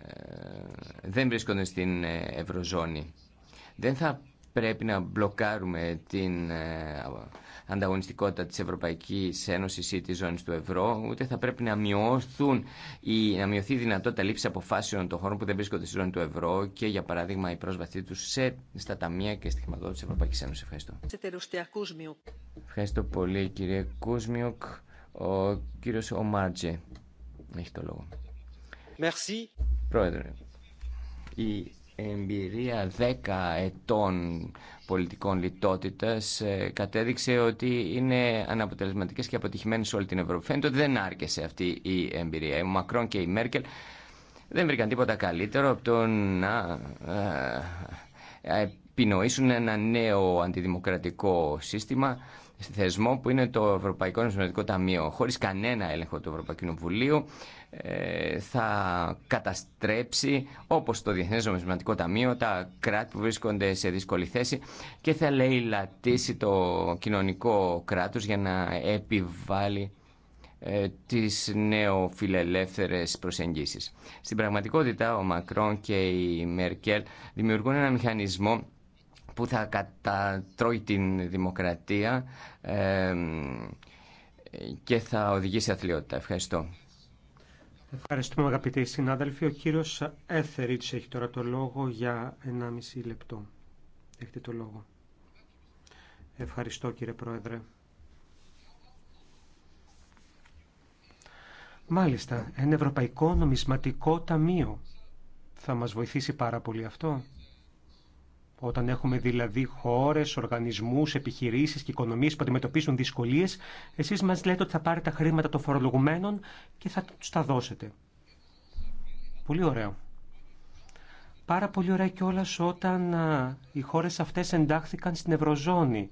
ε, δεν βρίσκονται στην ε, Ευρωζώνη. Δεν θα πρέπει να μπλοκάρουμε την ε, ανταγωνιστικότητα της Ευρωπαϊκής Ένωσης ή της ζώνης του ευρώ, ούτε θα πρέπει να, μειωθούν ή να μειωθεί η δυνατότητα λήψη μειωθει η δυνατοτητα ληψης αποφασεων των χωρών που δεν βρίσκονται στη ζώνη του ευρώ και για παράδειγμα η πρόσβασή τους σε, στα ταμεία και στη χρηματοδότηση της Ευρωπαϊκής Ένωσης. Ευχαριστώ. Ευχαριστώ πολύ κύριε Κούσμιουκ. Ο κύριος Ομάρτζε έχει το λόγο. Merci. Πρόεδρε, η εμπειρία 10 ετών πολιτικών λιτότητας ε, κατέδειξε ότι είναι αναποτελεσματικές και αποτυχημένες σε όλη την Ευρώπη. Φαίνεται ότι δεν άρκεσε αυτή η εμπειρία. Ο Μακρόν και η Μέρκελ δεν βρήκαν τίποτα καλύτερο από το να ε, επινοήσουν ένα νέο αντιδημοκρατικό σύστημα θεσμό που είναι το Ευρωπαϊκό Νοσηματικό Ταμείο χωρίς κανένα έλεγχο του Ευρωπαϊκού Κοινοβουλίου ε, θα καταστρέψει όπως το Διεθνές Νομισματικό Ταμείο τα κράτη που βρίσκονται σε δύσκολη θέση και θα λατήσει το κοινωνικό κράτος για να επιβάλλει ε, τις νεοφιλελεύθερες προσεγγίσεις. Στην πραγματικότητα ο Μακρόν και η Μέρκελ δημιουργούν ένα μηχανισμό που θα κατατρώει την δημοκρατία ε, και θα οδηγήσει αθλειότητα. Ευχαριστώ. Ευχαριστούμε αγαπητοί συνάδελφοι. Ο κύριος Έθεριτς έχει τώρα το λόγο για 1,5 λεπτό. Έχετε το λόγο. Ευχαριστώ κύριε Πρόεδρε. Μάλιστα, ένα Ευρωπαϊκό Νομισματικό Ταμείο. Θα μας βοηθήσει πάρα πολύ αυτό. Όταν έχουμε δηλαδή χώρε, οργανισμού, επιχειρήσει και οικονομίε που αντιμετωπίζουν δυσκολίε, εσεί μα λέτε ότι θα πάρετε τα χρήματα των φορολογουμένων και θα του τα δώσετε. Πολύ ωραίο. Πάρα πολύ ωραία κιόλα όταν ε, οι χώρε αυτέ εντάχθηκαν στην Ευρωζώνη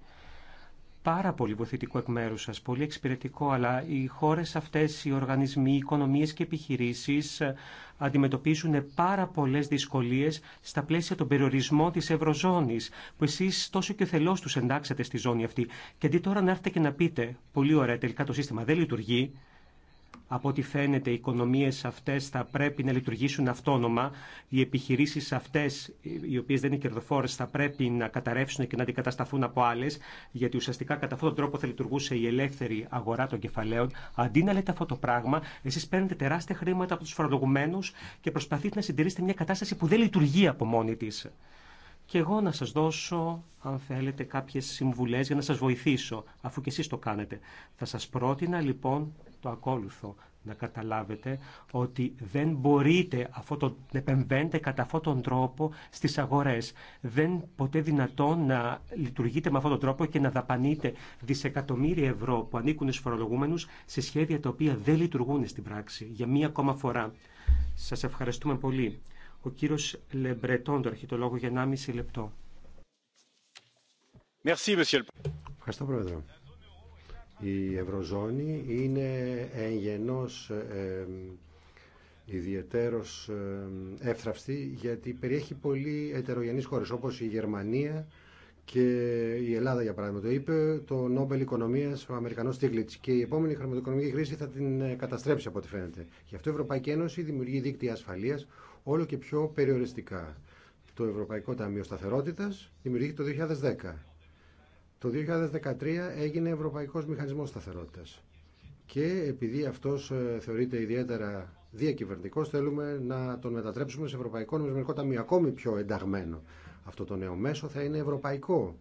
πάρα πολύ βοηθητικό εκ μέρου σα, πολύ εξυπηρετικό, αλλά οι χώρες αυτές, οι οργανισμοί, οι οικονομίες και επιχειρήσεις ε, αντιμετωπίζουν πάρα πολλές δυσκολίες στα πλαίσια των περιορισμών της Ευρωζώνης, που εσείς τόσο και θελό τους εντάξατε στη ζώνη αυτή. Και αντί τώρα να έρθετε και να πείτε, πολύ ωραία τελικά το σύστημα δεν λειτουργεί, από ό,τι φαίνεται, οι οικονομίε αυτέ θα πρέπει να λειτουργήσουν αυτόνομα. Οι επιχειρήσει αυτέ, οι οποίε δεν είναι κερδοφόρε, θα πρέπει να καταρρεύσουν και να αντικατασταθούν από άλλε, γιατί ουσιαστικά κατά αυτόν τον τρόπο θα λειτουργούσε η ελεύθερη αγορά των κεφαλαίων. Αντί να λέτε αυτό το πράγμα, εσεί παίρνετε τεράστια χρήματα από του φορολογουμένου και προσπαθείτε να συντηρήσετε μια κατάσταση που δεν λειτουργεί από μόνη τη. και εγώ να σας δώσω, αν θέλετε, κάποιες συμβουλές για να σας βοηθήσω, αφού και εσεί το κάνετε. Θα σας πρότεινα, λοιπόν, το ακόλουθο να καταλάβετε ότι δεν μπορείτε αυτό το, να επεμβαίνετε κατά αυτόν τον τρόπο στις αγορές. Δεν ποτέ δυνατόν να λειτουργείτε με αυτόν τον τρόπο και να δαπανείτε δισεκατομμύρια ευρώ που ανήκουν στους φορολογούμενους σε σχέδια τα οποία δεν λειτουργούν στην πράξη για μία ακόμα φορά. Σας ευχαριστούμε πολύ. Ο κύριος Λεμπρετών, το αρχιτολόγο, για 1,5 λεπτό. Merci, Ευχαριστώ, Πρόεδρε η Ευρωζώνη είναι εγγενώς ε, ιδιαιτέρως εύθραυστη γιατί περιέχει πολύ ετερογενείς χώρες όπως η Γερμανία και η Ελλάδα για παράδειγμα το είπε το Νόμπελ Οικονομίας ο Αμερικανός Στίγλιτς και η επόμενη χρηματοοικονομική κρίση θα την ε, καταστρέψει από ό,τι φαίνεται. Γι' αυτό η Ευρωπαϊκή Ένωση δημιουργεί δίκτυα ασφαλείας όλο και πιο περιοριστικά. Το Ευρωπαϊκό Ταμείο Σταθερότητας δημιουργήθηκε το 2010 το 2013 έγινε Ευρωπαϊκός Μηχανισμός Σταθερότητας και επειδή αυτός ε, θεωρείται ιδιαίτερα διακυβερνητικό, θέλουμε να τον μετατρέψουμε σε Ευρωπαϊκό Νομισματικό Ταμείο ακόμη πιο ενταγμένο. Αυτό το νέο μέσο θα είναι ευρωπαϊκό.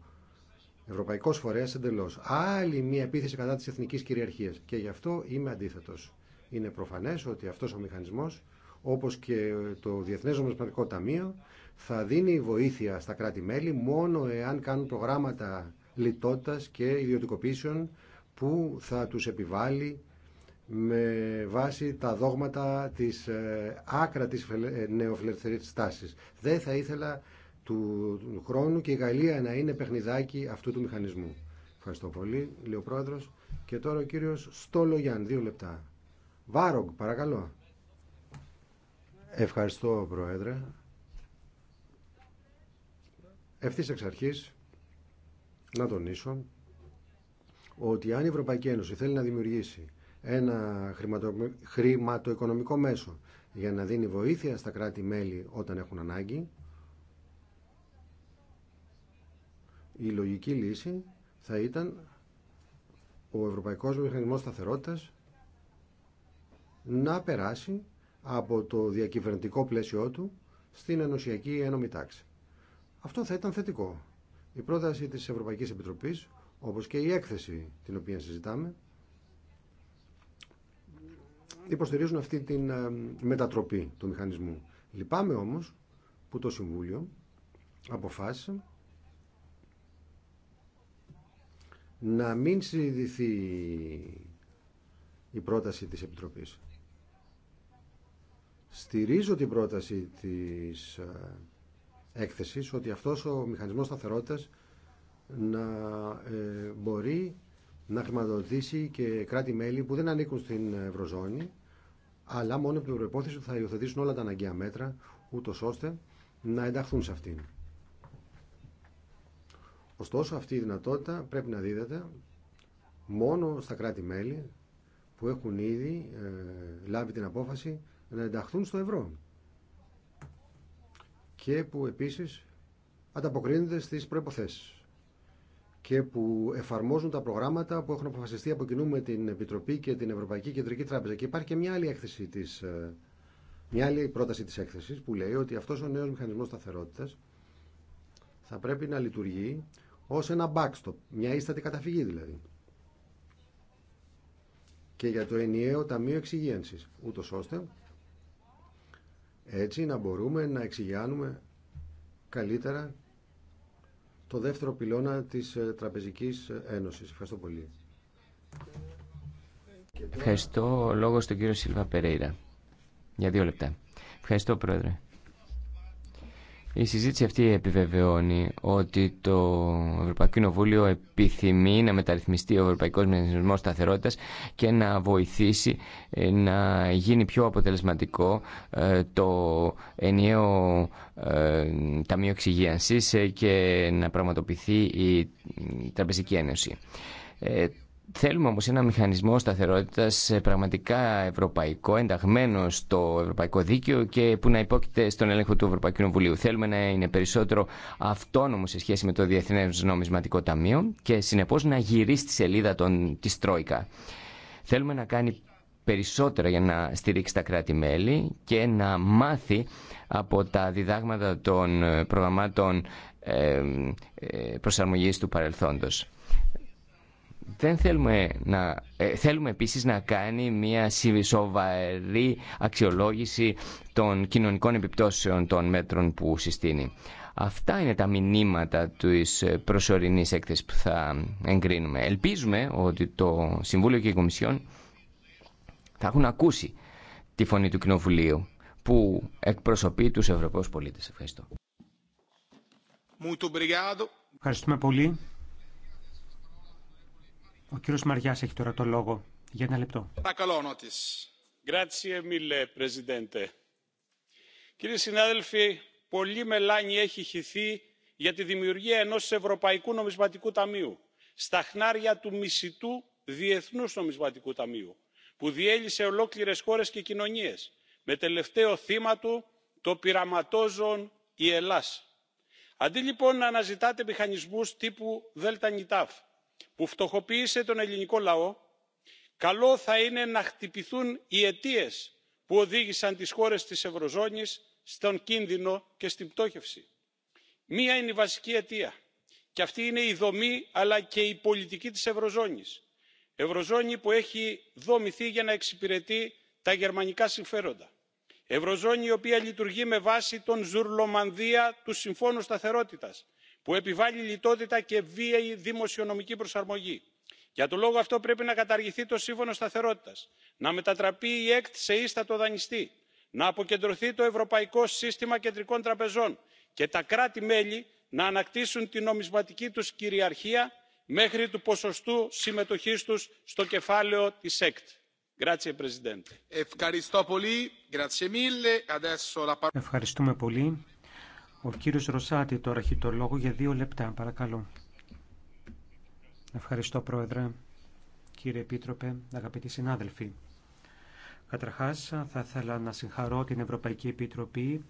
Ευρωπαϊκό φορέα εντελώ. Άλλη μια επίθεση κατά τη εθνική κυριαρχία. Και γι' αυτό είμαι αντίθετο. Είναι προφανέ ότι αυτό ο μηχανισμό, όπω και το Διεθνέ Νομισματικό Ταμείο, θα δίνει βοήθεια στα κράτη-μέλη μόνο εάν κάνουν προγράμματα λιτότητας και ιδιωτικοποίησεων που θα τους επιβάλλει με βάση τα δόγματα της ε, άκρα της ε, νεοφιλελευθερίας τάσης. Δεν θα ήθελα του χρόνου και η Γαλλία να είναι παιχνιδάκι αυτού του μηχανισμού. Ευχαριστώ πολύ, λέει ο Πρόεδρος. Και τώρα ο κύριος Στόλογιάν, δύο λεπτά. Βάρογκ, παρακαλώ. Ευχαριστώ, Πρόεδρε. Ευθύς εξ αρχής, να τονίσω ότι αν η Ευρωπαϊκή Ένωση θέλει να δημιουργήσει ένα χρηματοοικονομικό μέσο για να δίνει βοήθεια στα κράτη-μέλη όταν έχουν ανάγκη, η λογική λύση θα ήταν ο Ευρωπαϊκός Μηχανισμός Σταθερότητας να περάσει από το διακυβερνητικό πλαίσιό του στην ενωσιακή ένωμη τάξη. Αυτό θα ήταν θετικό. Η πρόταση της Ευρωπαϊκής Επιτροπής, όπως και η έκθεση την οποία συζητάμε, υποστηρίζουν αυτή την ε, μετατροπή του μηχανισμού. Λυπάμαι όμως που το Συμβούλιο αποφάσισε να μην συζητηθεί η πρόταση της Επιτροπής. Στηρίζω την πρόταση της ε, Έκθεση ότι αυτός ο μηχανισμός σταθερότητας να ε, μπορεί να χρηματοδοτήσει και κράτη-μέλη που δεν ανήκουν στην Ευρωζώνη αλλά μόνο από την προπόθεση ότι θα υιοθετήσουν όλα τα αναγκαία μέτρα ούτω ώστε να ενταχθούν σε αυτήν. Ωστόσο αυτή η δυνατότητα πρέπει να δίδεται μόνο στα κράτη-μέλη που έχουν ήδη ε, λάβει την απόφαση να ενταχθούν στο ευρώ και που επίσης ανταποκρίνονται στις προϋποθέσεις και που εφαρμόζουν τα προγράμματα που έχουν αποφασιστεί από κοινού με την Επιτροπή και την Ευρωπαϊκή Κεντρική Τράπεζα. Και υπάρχει και μια άλλη, έκθεση της, ε, μια άλλη πρόταση της έκθεσης που λέει ότι αυτός ο νέος μηχανισμός σταθερότητας θα πρέπει να λειτουργεί ως ένα backstop, μια ίστατη καταφυγή δηλαδή. Και για το ενιαίο Ταμείο Εξυγίανσης, ούτως ώστε έτσι να μπορούμε να εξηγιάνουμε καλύτερα το δεύτερο πυλώνα της ε, Τραπεζικής ε, Ένωσης. Ευχαριστώ πολύ. Ευχαριστώ. Λόγος στον κύριο Σίλβα Περέιρα. Για δύο λεπτά. Ευχαριστώ, Πρόεδρε. Η συζήτηση αυτή επιβεβαιώνει ότι το Ευρωπαϊκό Κοινοβούλιο επιθυμεί να μεταρρυθμιστεί ο Ευρωπαϊκό Μηχανισμό Σταθερότητα και να βοηθήσει ε, να γίνει πιο αποτελεσματικό ε, το ενιαίο ε, Ταμείο Εξυγίανση και να πραγματοποιηθεί η Τραπεζική Ένωση. Θέλουμε όμως ένα μηχανισμό σταθερότητας ε, πραγματικά ευρωπαϊκό, ενταγμένο στο ευρωπαϊκό δίκαιο και που να υπόκειται στον έλεγχο του Ευρωπαϊκού Κοινοβουλίου. Θέλουμε να είναι περισσότερο αυτόνομο σε σχέση με το Διεθνές Νομισματικό Ταμείο και συνεπώς να γυρίσει τη σελίδα των, της Τρόικα. Θέλουμε να κάνει περισσότερα για να στηρίξει τα κράτη-μέλη και να μάθει από τα διδάγματα των προγραμμάτων ε, ε, προσαρμογής του παρελθόντος. Δεν θέλουμε να... Ε, θέλουμε επίσης να κάνει μια σοβαρή αξιολόγηση των κοινωνικών επιπτώσεων των μέτρων που συστήνει. Αυτά είναι τα μηνύματα της προσωρινής έκθεσης που θα εγκρίνουμε. Ελπίζουμε ότι το Συμβούλιο και η Κομισιόν θα έχουν ακούσει τη φωνή του Κοινοβουλίου που εκπροσωπεί τους Ευρωπαίους πολίτες. Ευχαριστώ. Ευχαριστούμε πολύ. Ο κύριος Μαριάς έχει τώρα το λόγο. Για ένα λεπτό. Παρακαλώ, Grazie Κύριοι συνάδελφοι, πολλή μελάνη έχει χυθεί για τη δημιουργία ενός Ευρωπαϊκού Νομισματικού Ταμείου στα χνάρια του μισητού Διεθνούς Νομισματικού Ταμείου που διέλυσε ολόκληρες χώρες και κοινωνίες με τελευταίο θύμα του το πειραματόζωον η ελλάς. αντί λοιπόν να αναζητάτε μηχανισμούς τύπου δελτα που φτωχοποίησε τον ελληνικό λαό καλό θα είναι να χτυπηθούν οι αιτίες που οδήγησαν τις χώρες της ευρωζώνης στον κίνδυνο και στην πτώχευση. μία είναι η βασική αιτία και αυτή είναι η δομή αλλά και η πολιτική της ευρωζώνης ευρωζώνη που έχει δομηθεί για να εξυπηρετεί τα γερμανικά συμφέροντα ευρωζώνη η οποία λειτουργεί με βάση τον ζουρλομανδία του συμφώνου σταθερότητας που επιβάλλει λιτότητα και βίαιη δημοσιονομική προσαρμογή. για το λόγο αυτό πρέπει να καταργηθεί το σύμφωνο σταθερότητας να μετατραπεί η ect σε ίστατο δανειστή να αποκεντρωθεί το ευρωπαϊκό σύστημα κεντρικών τραπεζών και τα κράτη μέλη να ανακτήσουν την νομισματική τους κυριαρχία μέχρι του ποσοστού συμμετοχής τους στο κεφάλαιο της ect. Ευχαριστούμε πολύ. Ο κύριος Ρωσάτη τώρα έχει το λόγο για δύο λεπτά, παρακαλώ. Ευχαριστώ, Πρόεδρε, κύριε Επίτροπε, αγαπητοί συνάδελφοι. Καταρχάς, θα ήθελα να συγχαρώ την Ευρωπαϊκή Επιτροπή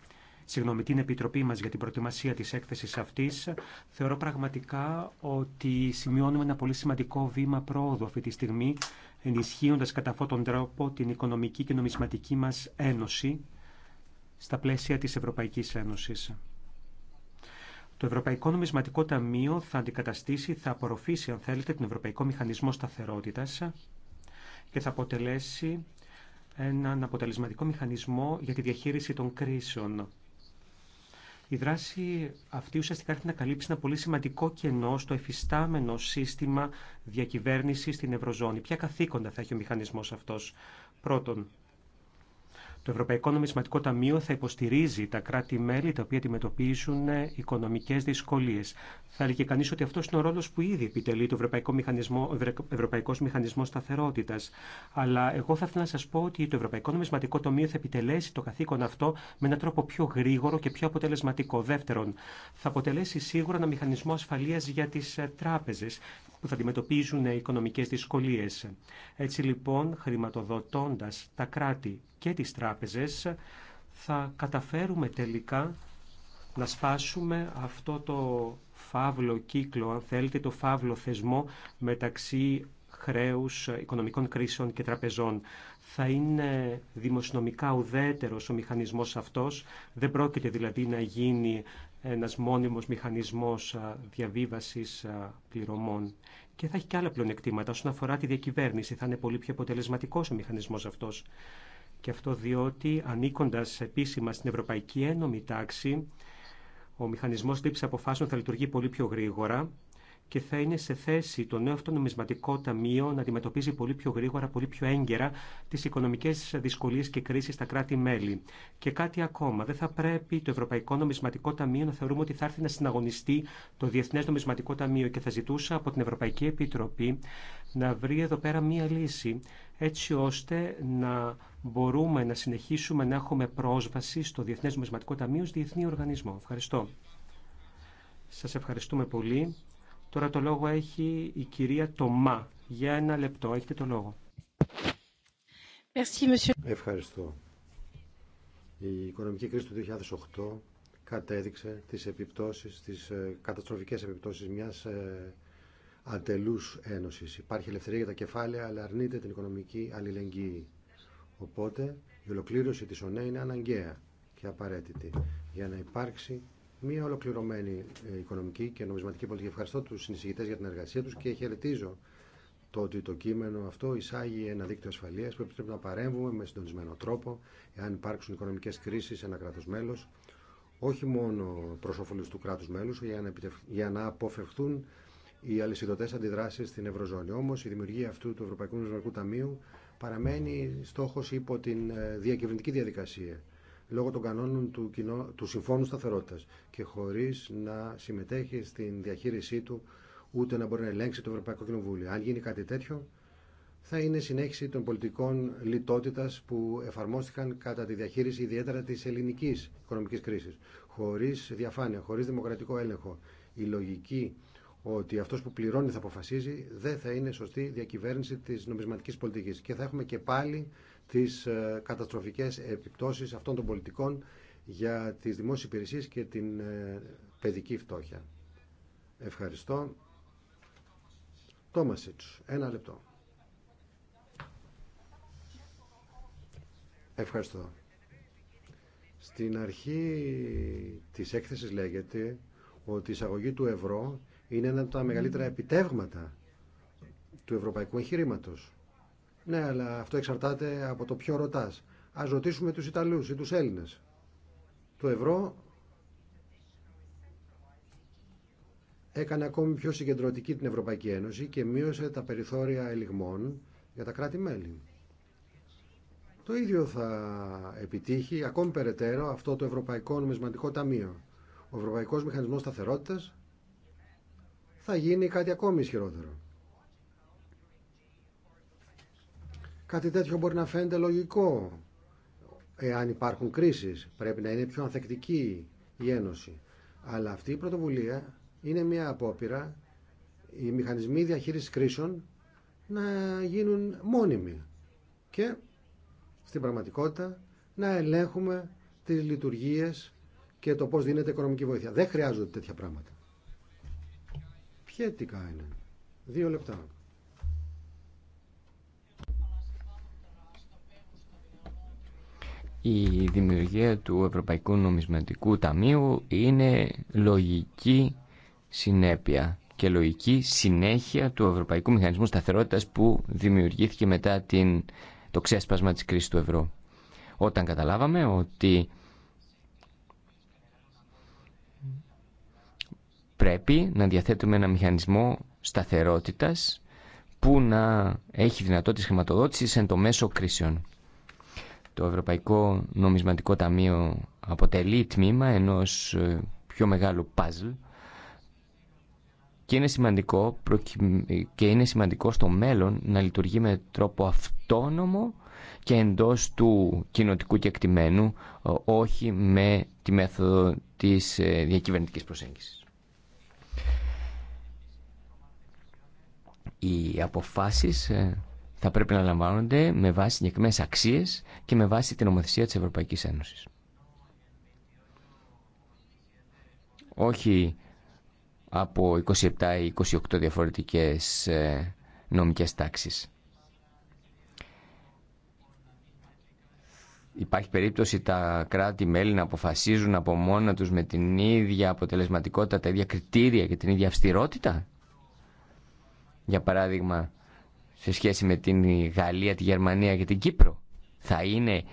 συγγνώμη, την Επιτροπή μας για την προετοιμασία της έκθεσης αυτής, θεωρώ πραγματικά ότι σημειώνουμε ένα πολύ σημαντικό βήμα πρόοδο αυτή τη στιγμή, ενισχύοντας κατά αυτόν τον τρόπο την οικονομική και νομισματική μας ένωση στα πλαίσια της Ευρωπαϊκής Ένωσης. Το Ευρωπαϊκό Νομισματικό Ταμείο θα αντικαταστήσει, θα απορροφήσει, αν θέλετε, τον Ευρωπαϊκό Μηχανισμό Σταθερότητας και θα αποτελέσει έναν αποτελεσματικό μηχανισμό για τη διαχείριση των κρίσεων. Η δράση αυτή ουσιαστικά έρχεται να καλύψει ένα πολύ σημαντικό κενό στο εφιστάμενο σύστημα διακυβέρνηση στην Ευρωζώνη. Ποια καθήκοντα θα έχει ο μηχανισμό αυτό, Πρώτον, το Ευρωπαϊκό Νομισματικό Ταμείο θα υποστηρίζει τα κράτη-μέλη τα οποία αντιμετωπίζουν ε, οικονομικέ δυσκολίε. Θα έλεγε κανεί ότι αυτό είναι ο ρόλο που ήδη επιτελεί το Ευρωπαϊκό Μηχανισμό, Σταθερότητα. Αλλά εγώ θα ήθελα να σα πω ότι το Ευρωπαϊκό Νομισματικό Ταμείο θα επιτελέσει το καθήκον αυτό με έναν τρόπο πιο γρήγορο και πιο αποτελεσματικό. Δεύτερον, θα αποτελέσει σίγουρα ένα μηχανισμό ασφαλεία για τι ε, τράπεζε που θα αντιμετωπίζουν ε, οικονομικέ δυσκολίε. Έτσι λοιπόν, χρηματοδοτώντα τα κράτη και τις τράπεζες θα καταφέρουμε τελικά να σπάσουμε αυτό το φαύλο κύκλο, αν θέλετε, το φαύλο θεσμό μεταξύ χρέους, οικονομικών κρίσεων και τραπεζών. Θα είναι δημοσιονομικά ουδέτερος ο μηχανισμός αυτός. Δεν πρόκειται δηλαδή να γίνει ένας μόνιμος μηχανισμός διαβίβασης πληρωμών. Και θα έχει και άλλα πλεονεκτήματα όσον αφορά τη διακυβέρνηση. Θα είναι πολύ πιο αποτελεσματικός ο μηχανισμός αυτός και αυτό διότι ανήκοντας επίσημα στην Ευρωπαϊκή Ένωμη Τάξη, ο μηχανισμός λήψη αποφάσεων θα λειτουργεί πολύ πιο γρήγορα και θα είναι σε θέση το νέο αυτό νομισματικό ταμείο να αντιμετωπίζει πολύ πιο γρήγορα, πολύ πιο έγκαιρα τι οικονομικέ δυσκολίε και κρίσει στα κράτη-μέλη. Και κάτι ακόμα, δεν θα πρέπει το Ευρωπαϊκό Νομισματικό Ταμείο να θεωρούμε ότι θα έρθει να συναγωνιστεί το διεθνέ Νομισματικό Ταμείο και θα ζητούσα από την Ευρωπαϊκή Επιτροπή να βρει εδώ πέρα μία λύση έτσι ώστε να μπορούμε να συνεχίσουμε να έχουμε πρόσβαση στο Διεθνές Νομισματικό Ταμείο ως διεθνή οργανισμό. Ευχαριστώ. Σας ευχαριστούμε πολύ. Τώρα το λόγο έχει η κυρία Τομά. Για ένα λεπτό, έχετε το λόγο. Ευχαριστώ. Η οικονομική κρίση του 2008 κατέδειξε τις επιπτώσεις, τις ε, καταστροφικές επιπτώσεις μιας ε, αντελούς ένωσης. Υπάρχει ελευθερία για τα κεφάλαια, αλλά αρνείται την οικονομική αλληλεγγύη. Οπότε η ολοκλήρωση της ΟΝΕ είναι αναγκαία και απαραίτητη για να υπάρξει μια ολοκληρωμένη ε, οικονομική και νομισματική πολιτική. Ευχαριστώ του συνεισηγητέ για την εργασία του και χαιρετίζω το ότι το κείμενο αυτό εισάγει ένα δίκτυο ασφαλεία που επιτρέπει να παρέμβουμε με συντονισμένο τρόπο εάν υπάρξουν οικονομικέ κρίσει σε ένα κράτο μέλο, όχι μόνο προ όφελο του κράτου μέλου, για να αποφευχθούν οι αλυσιδωτέ αντιδράσει στην Ευρωζώνη. Όμω η δημιουργία αυτού του Ευρωπαϊκού Νομισματικού Ταμείου παραμένει στόχο υπό την ε, διακυβερνητική διαδικασία λόγω των κανόνων του, κοινό, του Συμφώνου Σταθερότητας και χωρίς να συμμετέχει στην διαχείρισή του ούτε να μπορεί να ελέγξει το Ευρωπαϊκό Κοινοβούλιο. Αν γίνει κάτι τέτοιο, θα είναι συνέχιση των πολιτικών λιτότητας που εφαρμόστηκαν κατά τη διαχείριση ιδιαίτερα της ελληνικής οικονομικής κρίσης. Χωρίς διαφάνεια, χωρίς δημοκρατικό έλεγχο, η λογική ότι αυτό που πληρώνει θα αποφασίζει δεν θα είναι σωστή διακυβέρνηση τη νομισματική πολιτική. και θα έχουμε και πάλι τις ε, καταστροφικές επιπτώσεις αυτών των πολιτικών για τις δημόσιες υπηρεσίες και την ε, παιδική φτώχεια. Ευχαριστώ. Τόμασιτς, ένα λεπτό. Ευχαριστώ. Στην αρχή της έκθεσης λέγεται ότι η εισαγωγή του ευρώ είναι ένα από τα μεγαλύτερα επιτεύγματα του ευρωπαϊκού εγχειρήματος. Ναι, αλλά αυτό εξαρτάται από το ποιο ρωτά. Α ρωτήσουμε του Ιταλού ή του Έλληνε. Το ευρώ έκανε ακόμη πιο συγκεντρωτική την Ευρωπαϊκή Ένωση και μείωσε τα περιθώρια ελιγμών για τα κράτη-μέλη. Το ίδιο θα επιτύχει ακόμη περαιτέρω αυτό το Ευρωπαϊκό Νομισματικό Ταμείο. Ο Ευρωπαϊκός Μηχανισμός Σταθερότητας θα γίνει κάτι ακόμη ισχυρότερο. Κάτι τέτοιο μπορεί να φαίνεται λογικό. Εάν υπάρχουν κρίσεις, πρέπει να είναι πιο ανθεκτική η Ένωση. Αλλά αυτή η πρωτοβουλία είναι μια απόπειρα οι μηχανισμοί διαχείρισης κρίσεων να γίνουν μόνιμοι και στην πραγματικότητα να ελέγχουμε τις λειτουργίες και το πώς δίνεται οικονομική βοήθεια. Δεν χρειάζονται τέτοια πράγματα. Ποιετικά είναι. Δύο λεπτά. Η δημιουργία του Ευρωπαϊκού Νομισματικού Ταμείου είναι λογική συνέπεια και λογική συνέχεια του Ευρωπαϊκού Μηχανισμού Σταθερότητας που δημιουργήθηκε μετά την, το ξέσπασμα της κρίσης του ευρώ. Όταν καταλάβαμε ότι πρέπει να διαθέτουμε ένα μηχανισμό σταθερότητας που να έχει δυνατότητα χρηματοδότησης εν το μέσο κρίσεων. Το Ευρωπαϊκό Νομισματικό Ταμείο αποτελεί τμήμα ενός ε, πιο μεγάλου παζλ και είναι σημαντικό, είναι σημαντικό στο μέλλον να λειτουργεί με τρόπο αυτόνομο και εντός του κοινοτικού κεκτημένου, όχι με τη μέθοδο της ε, διακυβερνητικής προσέγγισης. Οι αποφάσεις ε, θα πρέπει να λαμβάνονται με βάση συγκεκριμένε αξίε και με βάση την νομοθεσία τη Ευρωπαϊκή Ένωση. Όχι από 27 ή 28 διαφορετικές ε, νομικές τάξεις. Υπάρχει περίπτωση τα κράτη-μέλη να αποφασίζουν από μόνα τους με την ίδια αποτελεσματικότητα, τα ίδια κριτήρια και την ίδια αυστηρότητα. Για παράδειγμα, σε σχέση με την Γαλλία, τη Γερμανία και την Κύπρο. Θα είναι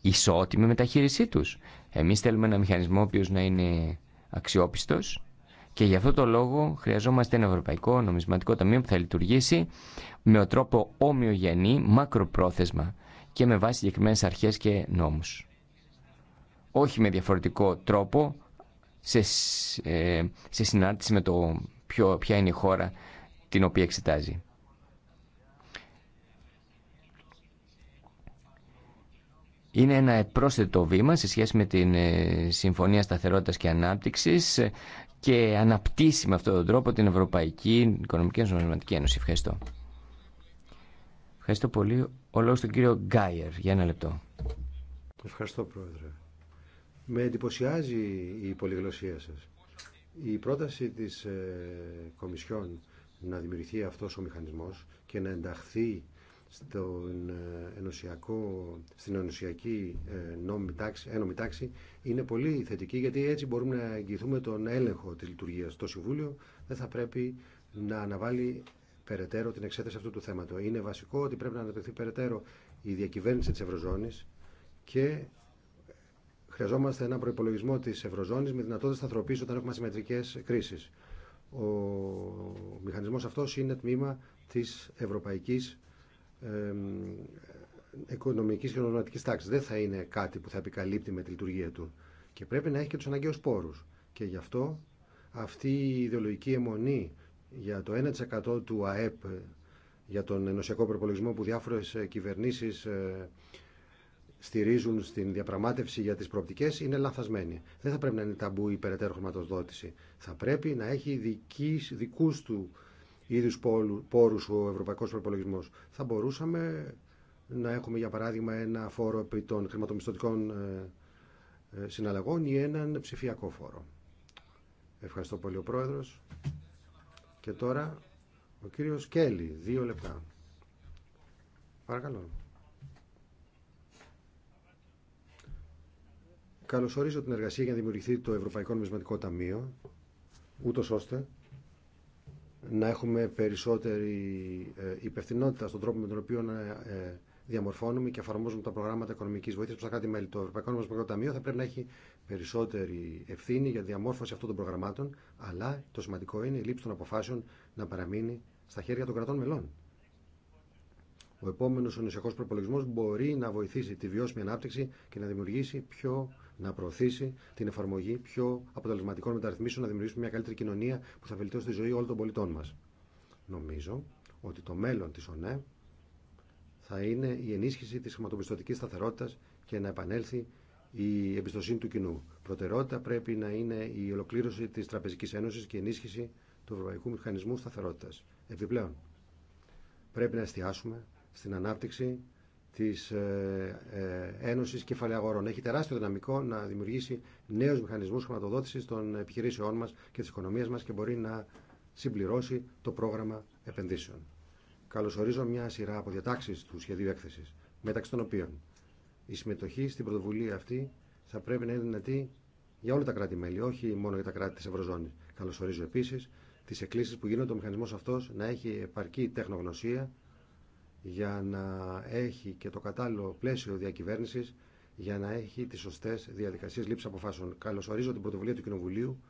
ισότιμη μεταχείρισή τους. Εμείς θέλουμε ένα μηχανισμό ο οποίος να είναι αξιόπιστος και γι' αυτό το λόγο χρειαζόμαστε ένα Ευρωπαϊκό Νομισματικό Ταμείο που θα λειτουργήσει με ο τρόπο ομοιογενή, μακροπρόθεσμα και με βάση συγκεκριμένε αρχές και νόμους. Όχι με διαφορετικό τρόπο σε, σε ε, συνάρτηση με το ποια είναι η χώρα την οποία εξετάζει. είναι ένα πρόσθετο βήμα σε σχέση με την ε, Συμφωνία Σταθερότητας και Ανάπτυξης και αναπτύσσει με αυτόν τον τρόπο την Ευρωπαϊκή Οικονομική και Νομισματική Ένωση. Ευχαριστώ. Ευχαριστώ πολύ. Ο λόγος του κύριο Γκάιερ. Για ένα λεπτό. Ευχαριστώ Πρόεδρε. Με εντυπωσιάζει η πολυγλωσία σας. Η πρόταση της ε, Κομισιόν να δημιουργηθεί αυτός ο μηχανισμός και να ενταχθεί στον ε, ενωσιακό, στην ενωσιακή ε, νόμη τάξη, ένομη τάξη είναι πολύ θετική γιατί έτσι μπορούμε να εγγυηθούμε τον έλεγχο της λειτουργίας. Το Συμβούλιο δεν θα πρέπει να αναβάλει περαιτέρω την εξέταση αυτού του θέματος. Είναι βασικό ότι πρέπει να αναπτυχθεί περαιτέρω η διακυβέρνηση της Ευρωζώνης και χρειαζόμαστε ένα προπολογισμό της Ευρωζώνης με δυνατότητα σταθροποίηση όταν έχουμε συμμετρικές κρίσεις. Ο μηχανισμός αυτός είναι τμήμα της ευρωπαϊκής οικονομικής και νομιματικής τάξης. Δεν θα είναι κάτι που θα επικαλύπτει με τη λειτουργία του. Και πρέπει να έχει και τους αναγκαίους πόρους. Και γι' αυτό αυτή η ιδεολογική αιμονή για το 1% του ΑΕΠ, για τον ενωσιακό προπολογισμό που διάφορες ε, κυβερνήσεις ε, στηρίζουν στην διαπραγμάτευση για τις προοπτικές είναι λανθασμένη. Δεν θα πρέπει να είναι ταμπού η χρηματοδότηση. Θα πρέπει να έχει δικής, δικούς του είδους πόρους ο ευρωπαϊκός Προπολογισμό. Θα μπορούσαμε να έχουμε για παράδειγμα ένα φόρο επί των χρηματομισθωτικών ε, ε, συναλλαγών ή έναν ψηφιακό φόρο. Ευχαριστώ πολύ ο Πρόεδρος. Και τώρα ο κύριος Κέλλη, δύο λεπτά. Παρακαλώ. Καλωσορίζω την εργασία για να δημιουργηθεί το Ευρωπαϊκό Νομισματικό Ταμείο, ούτως ώστε να έχουμε περισσότερη ε, υπευθυνότητα στον τρόπο με τον οποίο να ε, ε, διαμορφώνουμε και εφαρμόζουμε τα προγράμματα οικονομική βοήθεια προ τα κράτη-μέλη. Το Ευρωπαϊκό Νομοσπονδιακό Ταμείο θα πρέπει να έχει περισσότερη ευθύνη για τη διαμόρφωση αυτών των προγραμμάτων, αλλά το σημαντικό είναι η λήψη των αποφάσεων να παραμείνει στα χέρια των κρατών μελών. Ο επόμενο ενωσιακό προπολογισμό μπορεί να βοηθήσει τη βιώσιμη ανάπτυξη και να δημιουργήσει πιο να προωθήσει την εφαρμογή πιο αποτελεσματικών μεταρρυθμίσεων, να δημιουργήσουμε μια καλύτερη κοινωνία που θα βελτιώσει τη ζωή όλων των πολιτών μα. Νομίζω ότι το μέλλον τη ΟΝΕ θα είναι η ενίσχυση τη χρηματοπιστωτική σταθερότητα και να επανέλθει η εμπιστοσύνη του κοινού. Προτεραιότητα πρέπει να είναι η ολοκλήρωση τη Τραπεζική Ένωση και η ενίσχυση του Ευρωπαϊκού Μηχανισμού Σταθερότητα. Επιπλέον, πρέπει να εστιάσουμε στην ανάπτυξη της ε, ε, Ένωσης Κεφαλαιαγορών. Έχει τεράστιο δυναμικό να δημιουργήσει νέου μηχανισμού χρηματοδότηση των επιχειρήσεών μα και τη οικονομία μα και μπορεί να συμπληρώσει το πρόγραμμα επενδύσεων. Καλωσορίζω μια σειρά από διατάξεις του σχεδίου έκθεση, μεταξύ των οποίων η συμμετοχή στην πρωτοβουλία αυτή θα πρέπει να είναι δυνατή για όλα τα κράτη-μέλη, όχι μόνο για τα κράτη τη Ευρωζώνης. Καλωσορίζω επίση τι εκκλήσει που γίνονται ο μηχανισμό αυτό, να έχει επαρκή τεχνογνωσία για να έχει και το κατάλληλο πλαίσιο διακυβέρνησης για να έχει τις σωστές διαδικασίες λήψη αποφάσεων. Καλωσορίζω την πρωτοβουλία του Κοινοβουλίου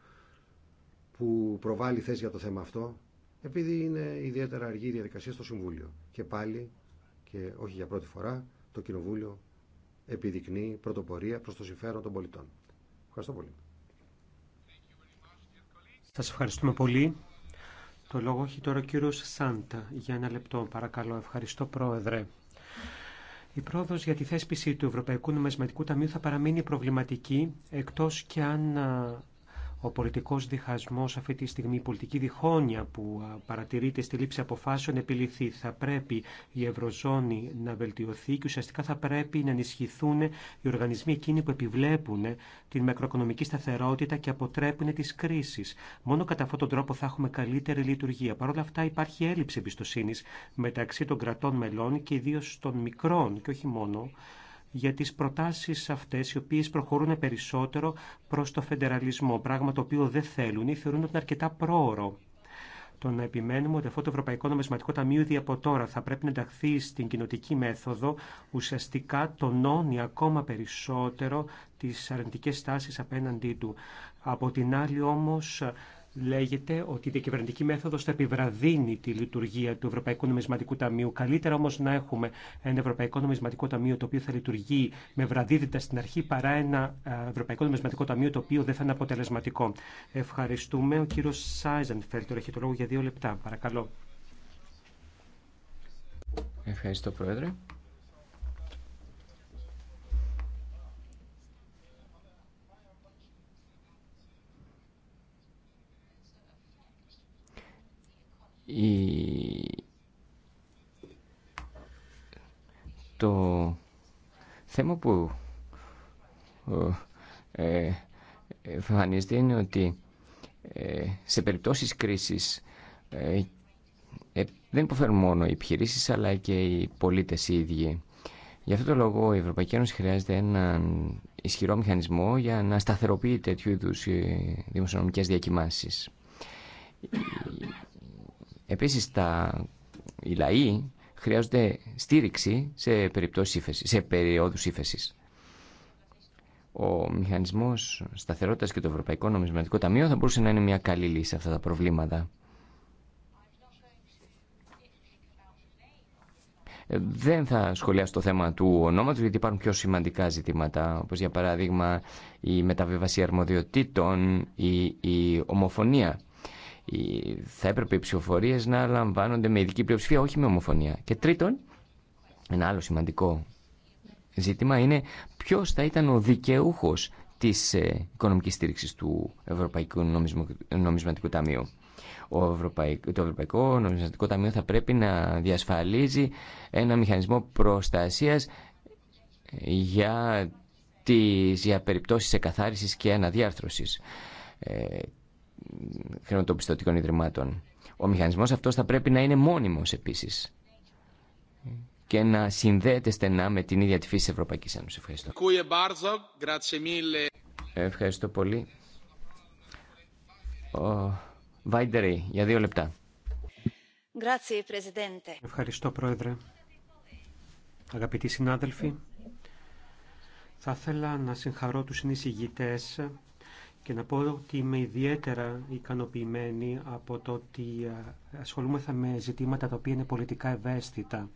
που προβάλλει θέση για το θέμα αυτό επειδή είναι ιδιαίτερα αργή η διαδικασία στο Συμβούλιο. Και πάλι, και όχι για πρώτη φορά, το Κοινοβούλιο επιδεικνύει πρωτοπορία προς το συμφέρον των πολιτών. Ευχαριστώ πολύ. Σας ευχαριστούμε πολύ. Το λόγο έχει τώρα ο κύριο Σάντα. Για ένα λεπτό, παρακαλώ. Ευχαριστώ, Πρόεδρε. Η πρόοδο για τη θέσπιση του Ευρωπαϊκού Νομισματικού Ταμείου θα παραμείνει προβληματική, εκτό και αν ο πολιτικό διχασμός αυτή τη στιγμή, η πολιτική διχόνοια που παρατηρείται στη λήψη αποφάσεων επιληθεί. Θα πρέπει η Ευρωζώνη να βελτιωθεί και ουσιαστικά θα πρέπει να ενισχυθούν οι οργανισμοί εκείνοι που επιβλέπουν ε, την μακροοικονομική σταθερότητα και αποτρέπουν τι κρίσει. Μόνο κατά αυτόν τον τρόπο θα έχουμε καλύτερη λειτουργία. Παρ' όλα αυτά υπάρχει έλλειψη εμπιστοσύνη μεταξύ των κρατών μελών και ιδίω των μικρών και όχι μόνο για τις προτάσεις αυτές οι οποίες προχωρούν περισσότερο προς το φεντεραλισμό, πράγμα το οποίο δεν θέλουν ή θεωρούν ότι είναι αρκετά πρόωρο. Το να επιμένουμε ότι αυτό το Ευρωπαϊκό Νομισματικό Ταμείο ήδη από τώρα θα πρέπει να ενταχθεί στην κοινοτική μέθοδο ουσιαστικά τονώνει ακόμα περισσότερο τις αρνητικές στάσεις απέναντί του. Από την άλλη όμως Λέγεται ότι η διακυβερνητική μέθοδο θα επιβραδύνει τη λειτουργία του Ευρωπαϊκού Νομισματικού Ταμείου. Καλύτερα όμω να έχουμε ένα Ευρωπαϊκό Νομισματικό Ταμείο το οποίο θα λειτουργεί με βραδύτητα στην αρχή παρά ένα ε, Ευρωπαϊκό Νομισματικό Ταμείο το οποίο δεν θα είναι αποτελεσματικό. Ευχαριστούμε. Ο κύριο Σάιζενφελτ τώρα έχει το λόγο για δύο λεπτά. Παρακαλώ. Ευχαριστώ, Πρόεδρε. Το θέμα που ε, εμφανίζεται είναι ότι ε, σε περιπτώσεις κρίσης ε, δεν υποφέρουν μόνο οι επιχειρήσει αλλά και οι πολίτες οι ίδιοι. Γι' αυτό το λόγο η Ευρωπαϊκή Ένωση χρειάζεται έναν ισχυρό μηχανισμό για να σταθεροποιεί τέτοιου είδου δημοσιονομικές διακοιμάνσεις. Επίσης, τα... οι λαοί χρειάζονται στήριξη σε, περιπτώσεις σε περιόδους ύφεσης. Ο μηχανισμός σταθερότητας και το Ευρωπαϊκό Νομισματικό Ταμείο θα μπορούσε να είναι μια καλή λύση σε αυτά τα προβλήματα. Ε, δεν θα σχολιάσω το θέμα του ονόματος γιατί υπάρχουν πιο σημαντικά ζητήματα όπως για παράδειγμα η μεταβίβαση αρμοδιοτήτων, η, η ομοφωνία θα έπρεπε οι ψηφοφορίε να λαμβάνονται με ειδική πλειοψηφία, όχι με ομοφωνία. Και τρίτον, ένα άλλο σημαντικό ζήτημα είναι ποιο θα ήταν ο δικαιούχο τη ε, οικονομική στήριξη του Ευρωπαϊκού Νομισματικού Ταμείου. Ο Ευρωπαϊκ... Το Ευρωπαϊκό Νομισματικό Ταμείο θα πρέπει να διασφαλίζει ένα μηχανισμό προστασίας ε, για, τις... για περιπτώσεις εκαθάρισης και αναδιάρθρωσης. Ε, χρηματοπιστωτικών ιδρυμάτων. Ο μηχανισμός αυτός θα πρέπει να είναι μόνιμος επίσης και να συνδέεται στενά με την ίδια τη φύση της Ευρωπαϊκής Ένωσης. Ευχαριστώ. Ευχαριστώ πολύ. Βάιντερη, για δύο λεπτά. Ευχαριστώ, Πρόεδρε. Αγαπητοί συνάδελφοι, θα ήθελα να συγχαρώ τους συνεισηγητές και να πω ότι είμαι ιδιαίτερα ικανοποιημένη από το ότι ε, ασχολούμεθα με ζητήματα τα οποία είναι πολιτικά ευαίσθητα.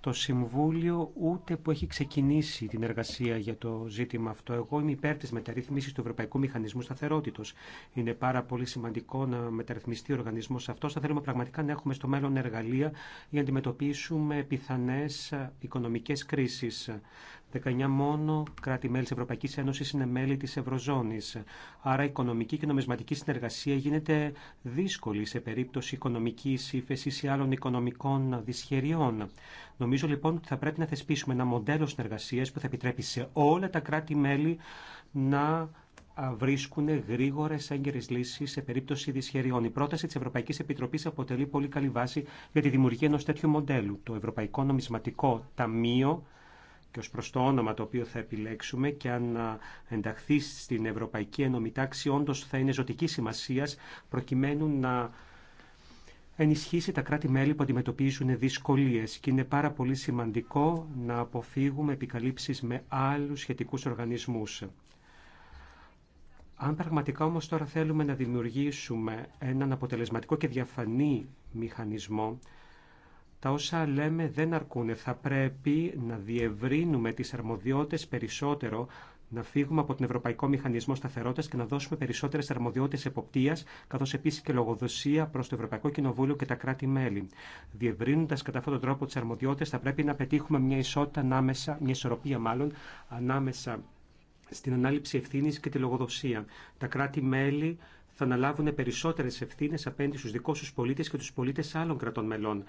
Το Συμβούλιο ούτε που έχει ξεκινήσει την εργασία για το ζήτημα αυτό. Εγώ είμαι υπέρ τη μεταρρύθμιση του Ευρωπαϊκού Μηχανισμού Σταθερότητο. Είναι πάρα πολύ σημαντικό να μεταρρυθμιστεί ο οργανισμό αυτό. Θα θέλουμε πραγματικά να έχουμε στο μέλλον εργαλεία για να αντιμετωπίσουμε πιθανέ ε, οικονομικέ κρίσει. 19 μόνο κράτη-μέλη της Ευρωπαϊκής Ένωσης είναι μέλη της Ευρωζώνης. Άρα η οικονομική και νομισματική συνεργασία γίνεται δύσκολη σε περίπτωση οικονομικής ύφεσης ή άλλων οικονομικών δυσχεριών. Νομίζω λοιπόν ότι θα πρέπει να θεσπίσουμε ένα μοντέλο συνεργασίας που θα επιτρέπει σε όλα τα κράτη-μέλη να βρίσκουν γρήγορε έγκαιρε λύσει σε περίπτωση δυσχεριών. Η πρόταση τη Ευρωπαϊκή Επιτροπή αποτελεί πολύ καλή βάση για τη δημιουργία ενό τέτοιου μοντέλου. Το Ευρωπαϊκό Νομισματικό Ταμείο και ως προς το όνομα το οποίο θα επιλέξουμε και αν ενταχθεί στην Ευρωπαϊκή Ένωμη Τάξη όντως θα είναι ζωτική σημασία προκειμένου να ενισχύσει τα κράτη-μέλη που αντιμετωπίζουν δυσκολίες και είναι πάρα πολύ σημαντικό να αποφύγουμε επικαλύψεις με άλλους σχετικούς οργανισμούς. Αν πραγματικά όμως τώρα θέλουμε να δημιουργήσουμε έναν αποτελεσματικό και διαφανή μηχανισμό, τα όσα λέμε δεν αρκούν. Θα πρέπει να διευρύνουμε τις αρμοδιότητες περισσότερο, να φύγουμε από τον Ευρωπαϊκό Μηχανισμό Σταθερότητας και να δώσουμε περισσότερες αρμοδιότητες εποπτείας, καθώς επίσης και λογοδοσία προς το Ευρωπαϊκό Κοινοβούλιο και τα κράτη-μέλη. Διευρύνοντας κατά αυτόν τον τρόπο τις αρμοδιότητες, θα πρέπει να πετύχουμε μια ισότητα ανάμεσα, μια ισορροπία μάλλον, ανάμεσα στην ανάληψη ευθύνης και τη λογοδοσία. Τα κράτη-μέλη θα αναλάβουν περισσότερες ευθύνες απέναντι στου δικούς τους πολίτες και τους πολίτες άλλων κρατών μελών.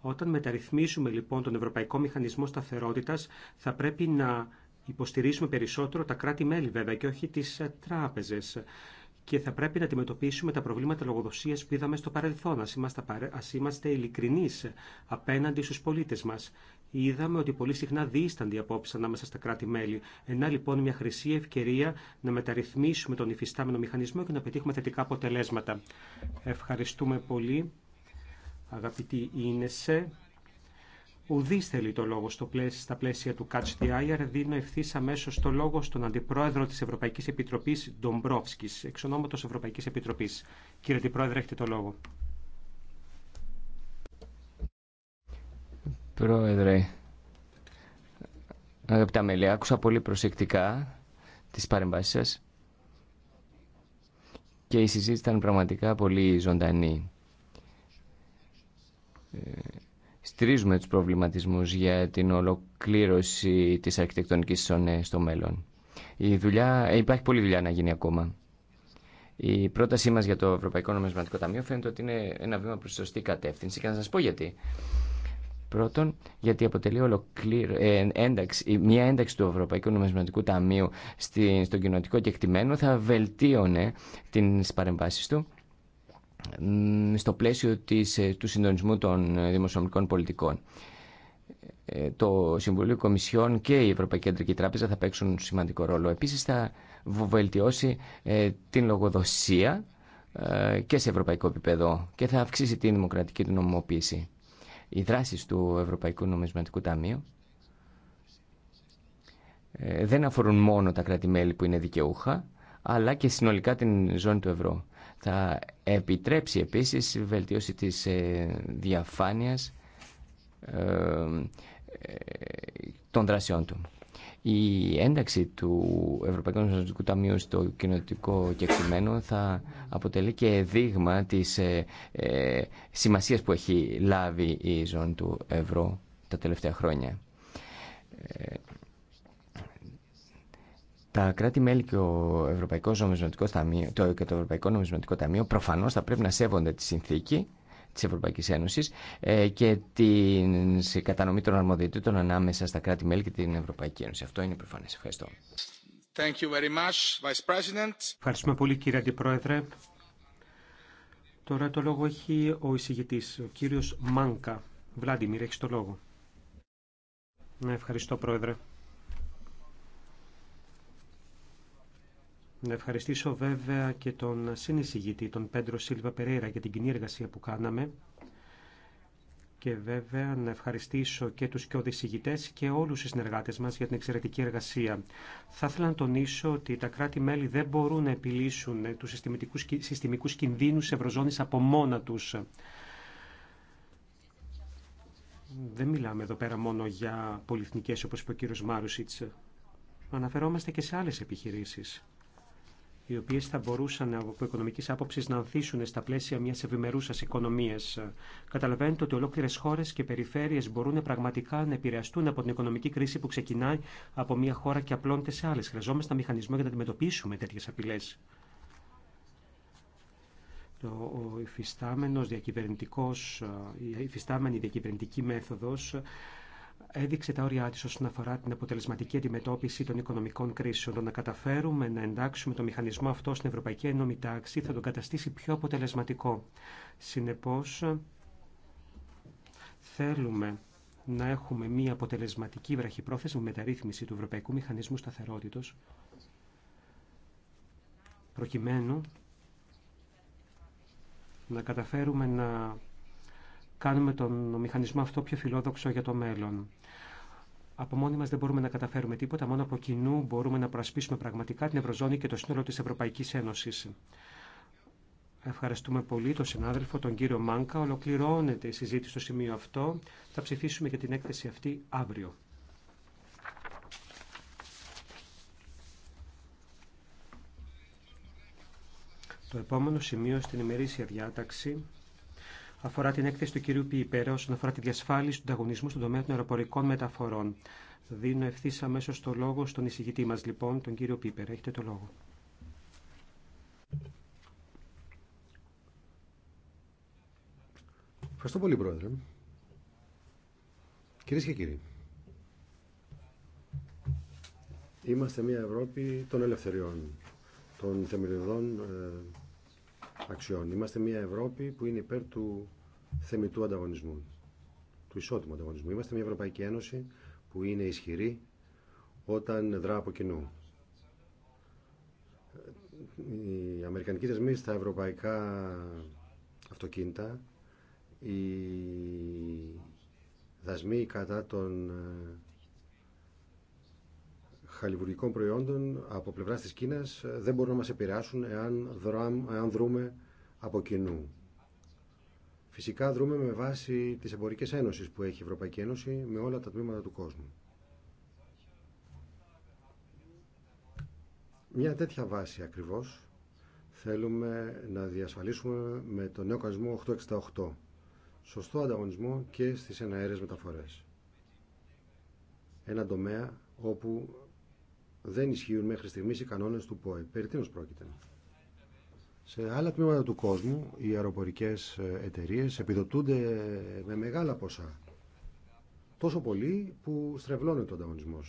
Όταν μεταρρυθμίσουμε λοιπόν τον Ευρωπαϊκό Μηχανισμό σταθερότητα, θα πρέπει να υποστηρίσουμε περισσότερο τα κράτη-μέλη βέβαια και όχι τι ε, τράπεζε. και θα πρέπει να αντιμετωπίσουμε τα προβλήματα λογοδοσία που είδαμε στο παρελθόν. Α είμαστε, ας είμαστε ειλικρινείς απέναντι στου πολίτε μα. Είδαμε ότι πολύ συχνά δίστανται οι απόψει ανάμεσα στα κράτη-μέλη. Ενά λοιπόν μια χρυσή ευκαιρία να μεταρρυθμίσουμε τον υφιστάμενο μηχανισμό και να πετύχουμε θετικά αποτελέσματα. Ευχαριστούμε πολύ αγαπητή σε. Ουδή θέλει το λόγο στο πλαίσιο, στα πλαίσια του Catch the Eye, δίνω ευθύ αμέσω το λόγο στον Αντιπρόεδρο τη Ευρωπαϊκή Επιτροπή, Ντομπρόφσκη, εξ ονόματο Ευρωπαϊκή Επιτροπή. Κύριε Αντιπρόεδρε, έχετε το λόγο. Πρόεδρε, αγαπητά μέλη, άκουσα πολύ προσεκτικά τις παρεμβάσεις σας και η συζήτηση ήταν πραγματικά πολύ ζωντανή στηρίζουμε τους προβληματισμούς για την ολοκλήρωση της αρχιτεκτονικής ΣΟΝΕ στο μέλλον. Η δουλειά, ε, υπάρχει πολλή δουλειά να γίνει ακόμα. Η πρότασή μας για το Ευρωπαϊκό Νομισματικό Ταμείο φαίνεται ότι είναι ένα βήμα προς σωστή κατεύθυνση και να σας πω γιατί. Πρώτον, γιατί αποτελεί ολοκλήρω, ε, ένταξη, μια ένταξη του Ευρωπαϊκού Νομισματικού Ταμείου στη, στον κοινωτικό κεκτημένο θα βελτίωνε τις παρεμβάσεις του στο πλαίσιο της, ε, του συντονισμού των ε, δημοσιονομικών πολιτικών. Ε, το Συμβουλίο Κομισιών και η Ευρωπαϊκή Κεντρική Τράπεζα θα παίξουν σημαντικό ρόλο. Επίσης θα βελτιώσει την λογοδοσία και σε ευρωπαϊκό επίπεδο και θα αυξήσει την δημοκρατική του νομιμοποίηση. Οι δράσεις του Ευρωπαϊκού Νομισματικού Ταμείου δεν αφορούν μόνο τα κράτη-μέλη που είναι δικαιούχα, αλλά και συνολικά την ζώνη του ευρώ. Θα επιτρέψει επίσης βελτίωση της ε, διαφάνειας ε, ε, των δρασιών του. Η ένταξη του Ευρωπαϊκού Νομισματικού Ταμείου στο κοινοτικό κεκτημένο θα αποτελεί και δείγμα της σημασίας που έχει λάβει η ζώνη του ευρώ τα τελευταία χρόνια. Τα κράτη-μέλη και το, το Ευρωπαϊκό Νομισματικό Ταμείο προφανώς θα πρέπει να σέβονται τη συνθήκη της Ευρωπαϊκής Ένωσης ε, και την κατανομή των αρμοδιοτήτων ανάμεσα στα κράτη-μέλη και την Ευρωπαϊκή Ένωση. Αυτό είναι προφανές. Ευχαριστώ. Thank you very much, Vice President. Ευχαριστούμε πολύ κύριε Αντιπρόεδρε. Τώρα το λόγο έχει ο εισηγητής, ο κύριος Μάνκα. Βλάντιμιρ, έχει το λόγο. Ναι, ευχαριστώ, Πρόεδρε. Να ευχαριστήσω βέβαια και τον συνεισηγητή, τον Πέντρο Σίλβα Περέιρα, για την κοινή εργασία που κάναμε. Και βέβαια να ευχαριστήσω και τους και οδησηγητές και όλους τους συνεργάτες μας για την εξαιρετική εργασία. Θα ήθελα να τονίσω ότι τα κράτη-μέλη δεν μπορούν να επιλύσουν τους συστημικούς κινδύνους ευρωζώνης από μόνα τους. Δεν μιλάμε εδώ πέρα μόνο για πολυεθνικές, όπως είπε ο κύριος Μάρουσιτς. Αναφερόμαστε και σε άλλες επιχειρήσεις οι οποίε θα μπορούσαν από οικονομική άποψη να ανθίσουν στα πλαίσια μια ευημερούσα οικονομία. Καταλαβαίνετε ότι ολόκληρε χώρε και περιφέρειε μπορούν πραγματικά να επηρεαστούν από την οικονομική κρίση που ξεκινάει από μια χώρα και απλώνεται σε άλλε. Χρειαζόμαστε μηχανισμό για να αντιμετωπίσουμε τέτοιε απειλέ. Ο υφιστάμενος διακυβερνητικός, η υφιστάμενη διακυβερνητική μέθοδος έδειξε τα όρια της όσον αφορά την αποτελεσματική αντιμετώπιση των οικονομικών κρίσεων. Το να καταφέρουμε να εντάξουμε το μηχανισμό αυτό στην Ευρωπαϊκή Ένωμη Τάξη θα τον καταστήσει πιο αποτελεσματικό. Συνεπώς, θέλουμε να έχουμε μία αποτελεσματική βραχυπρόθεσμη μεταρρύθμιση του Ευρωπαϊκού Μηχανισμού Σταθερότητος, προκειμένου να καταφέρουμε να κάνουμε τον μηχανισμό αυτό πιο φιλόδοξο για το μέλλον. Από μόνοι μα δεν μπορούμε να καταφέρουμε τίποτα. Μόνο από κοινού μπορούμε να προασπίσουμε πραγματικά την Ευρωζώνη και το σύνολο τη Ευρωπαϊκή Ένωση. Ευχαριστούμε πολύ τον συνάδελφο, τον κύριο Μάνκα. Ολοκληρώνεται η συζήτηση στο σημείο αυτό. Θα ψηφίσουμε για την έκθεση αυτή αύριο. Το επόμενο σημείο στην ημερήσια διάταξη αφορά την έκθεση του κυρίου Πιπέρα όσον αφορά τη διασφάλιση του ανταγωνισμού στον τομέα των αεροπορικών μεταφορών. Δίνω ευθύ αμέσω το λόγο στον εισηγητή μα, λοιπόν, τον κύριο Πίπερα. Έχετε το λόγο. Ευχαριστώ πολύ, Πρόεδρε. Κυρίε και κύριοι, είμαστε μια Ευρώπη των ελευθεριών, των θεμελιωδών ε, αξιών. Είμαστε μια Ευρώπη που είναι υπέρ του θεμητού ανταγωνισμού, του ισότιμου ανταγωνισμού. Είμαστε μια Ευρωπαϊκή Ένωση που είναι ισχυρή όταν δρά από κοινού. Οι αμερικανικοί δεσμοί στα ευρωπαϊκά αυτοκίνητα, οι δασμοί κατά των ε, χαλιβουργικών προϊόντων από πλευράς της Κίνας ε, δεν μπορούν να μας επηρεάσουν εάν, δράμ, δρούμε από κοινού. Φυσικά δρούμε με βάση τις εμπορικές ένωσεις που έχει η Ευρωπαϊκή Ένωση με όλα τα τμήματα του κόσμου. Μια τέτοια βάση ακριβώς θέλουμε να διασφαλίσουμε με το νέο κανονισμό 868 σωστό ανταγωνισμό και στις εναέρες μεταφορές. Ένα τομέα όπου δεν ισχύουν μέχρι στιγμής οι κανόνες του ΠΟΕ. Περί τίνο πρόκειται. Σε άλλα τμήματα του κόσμου οι αεροπορικές ε, εταιρείες επιδοτούνται με μεγάλα ποσά. Τόσο πολύ που στρεβλώνεται ο ανταγωνισμό.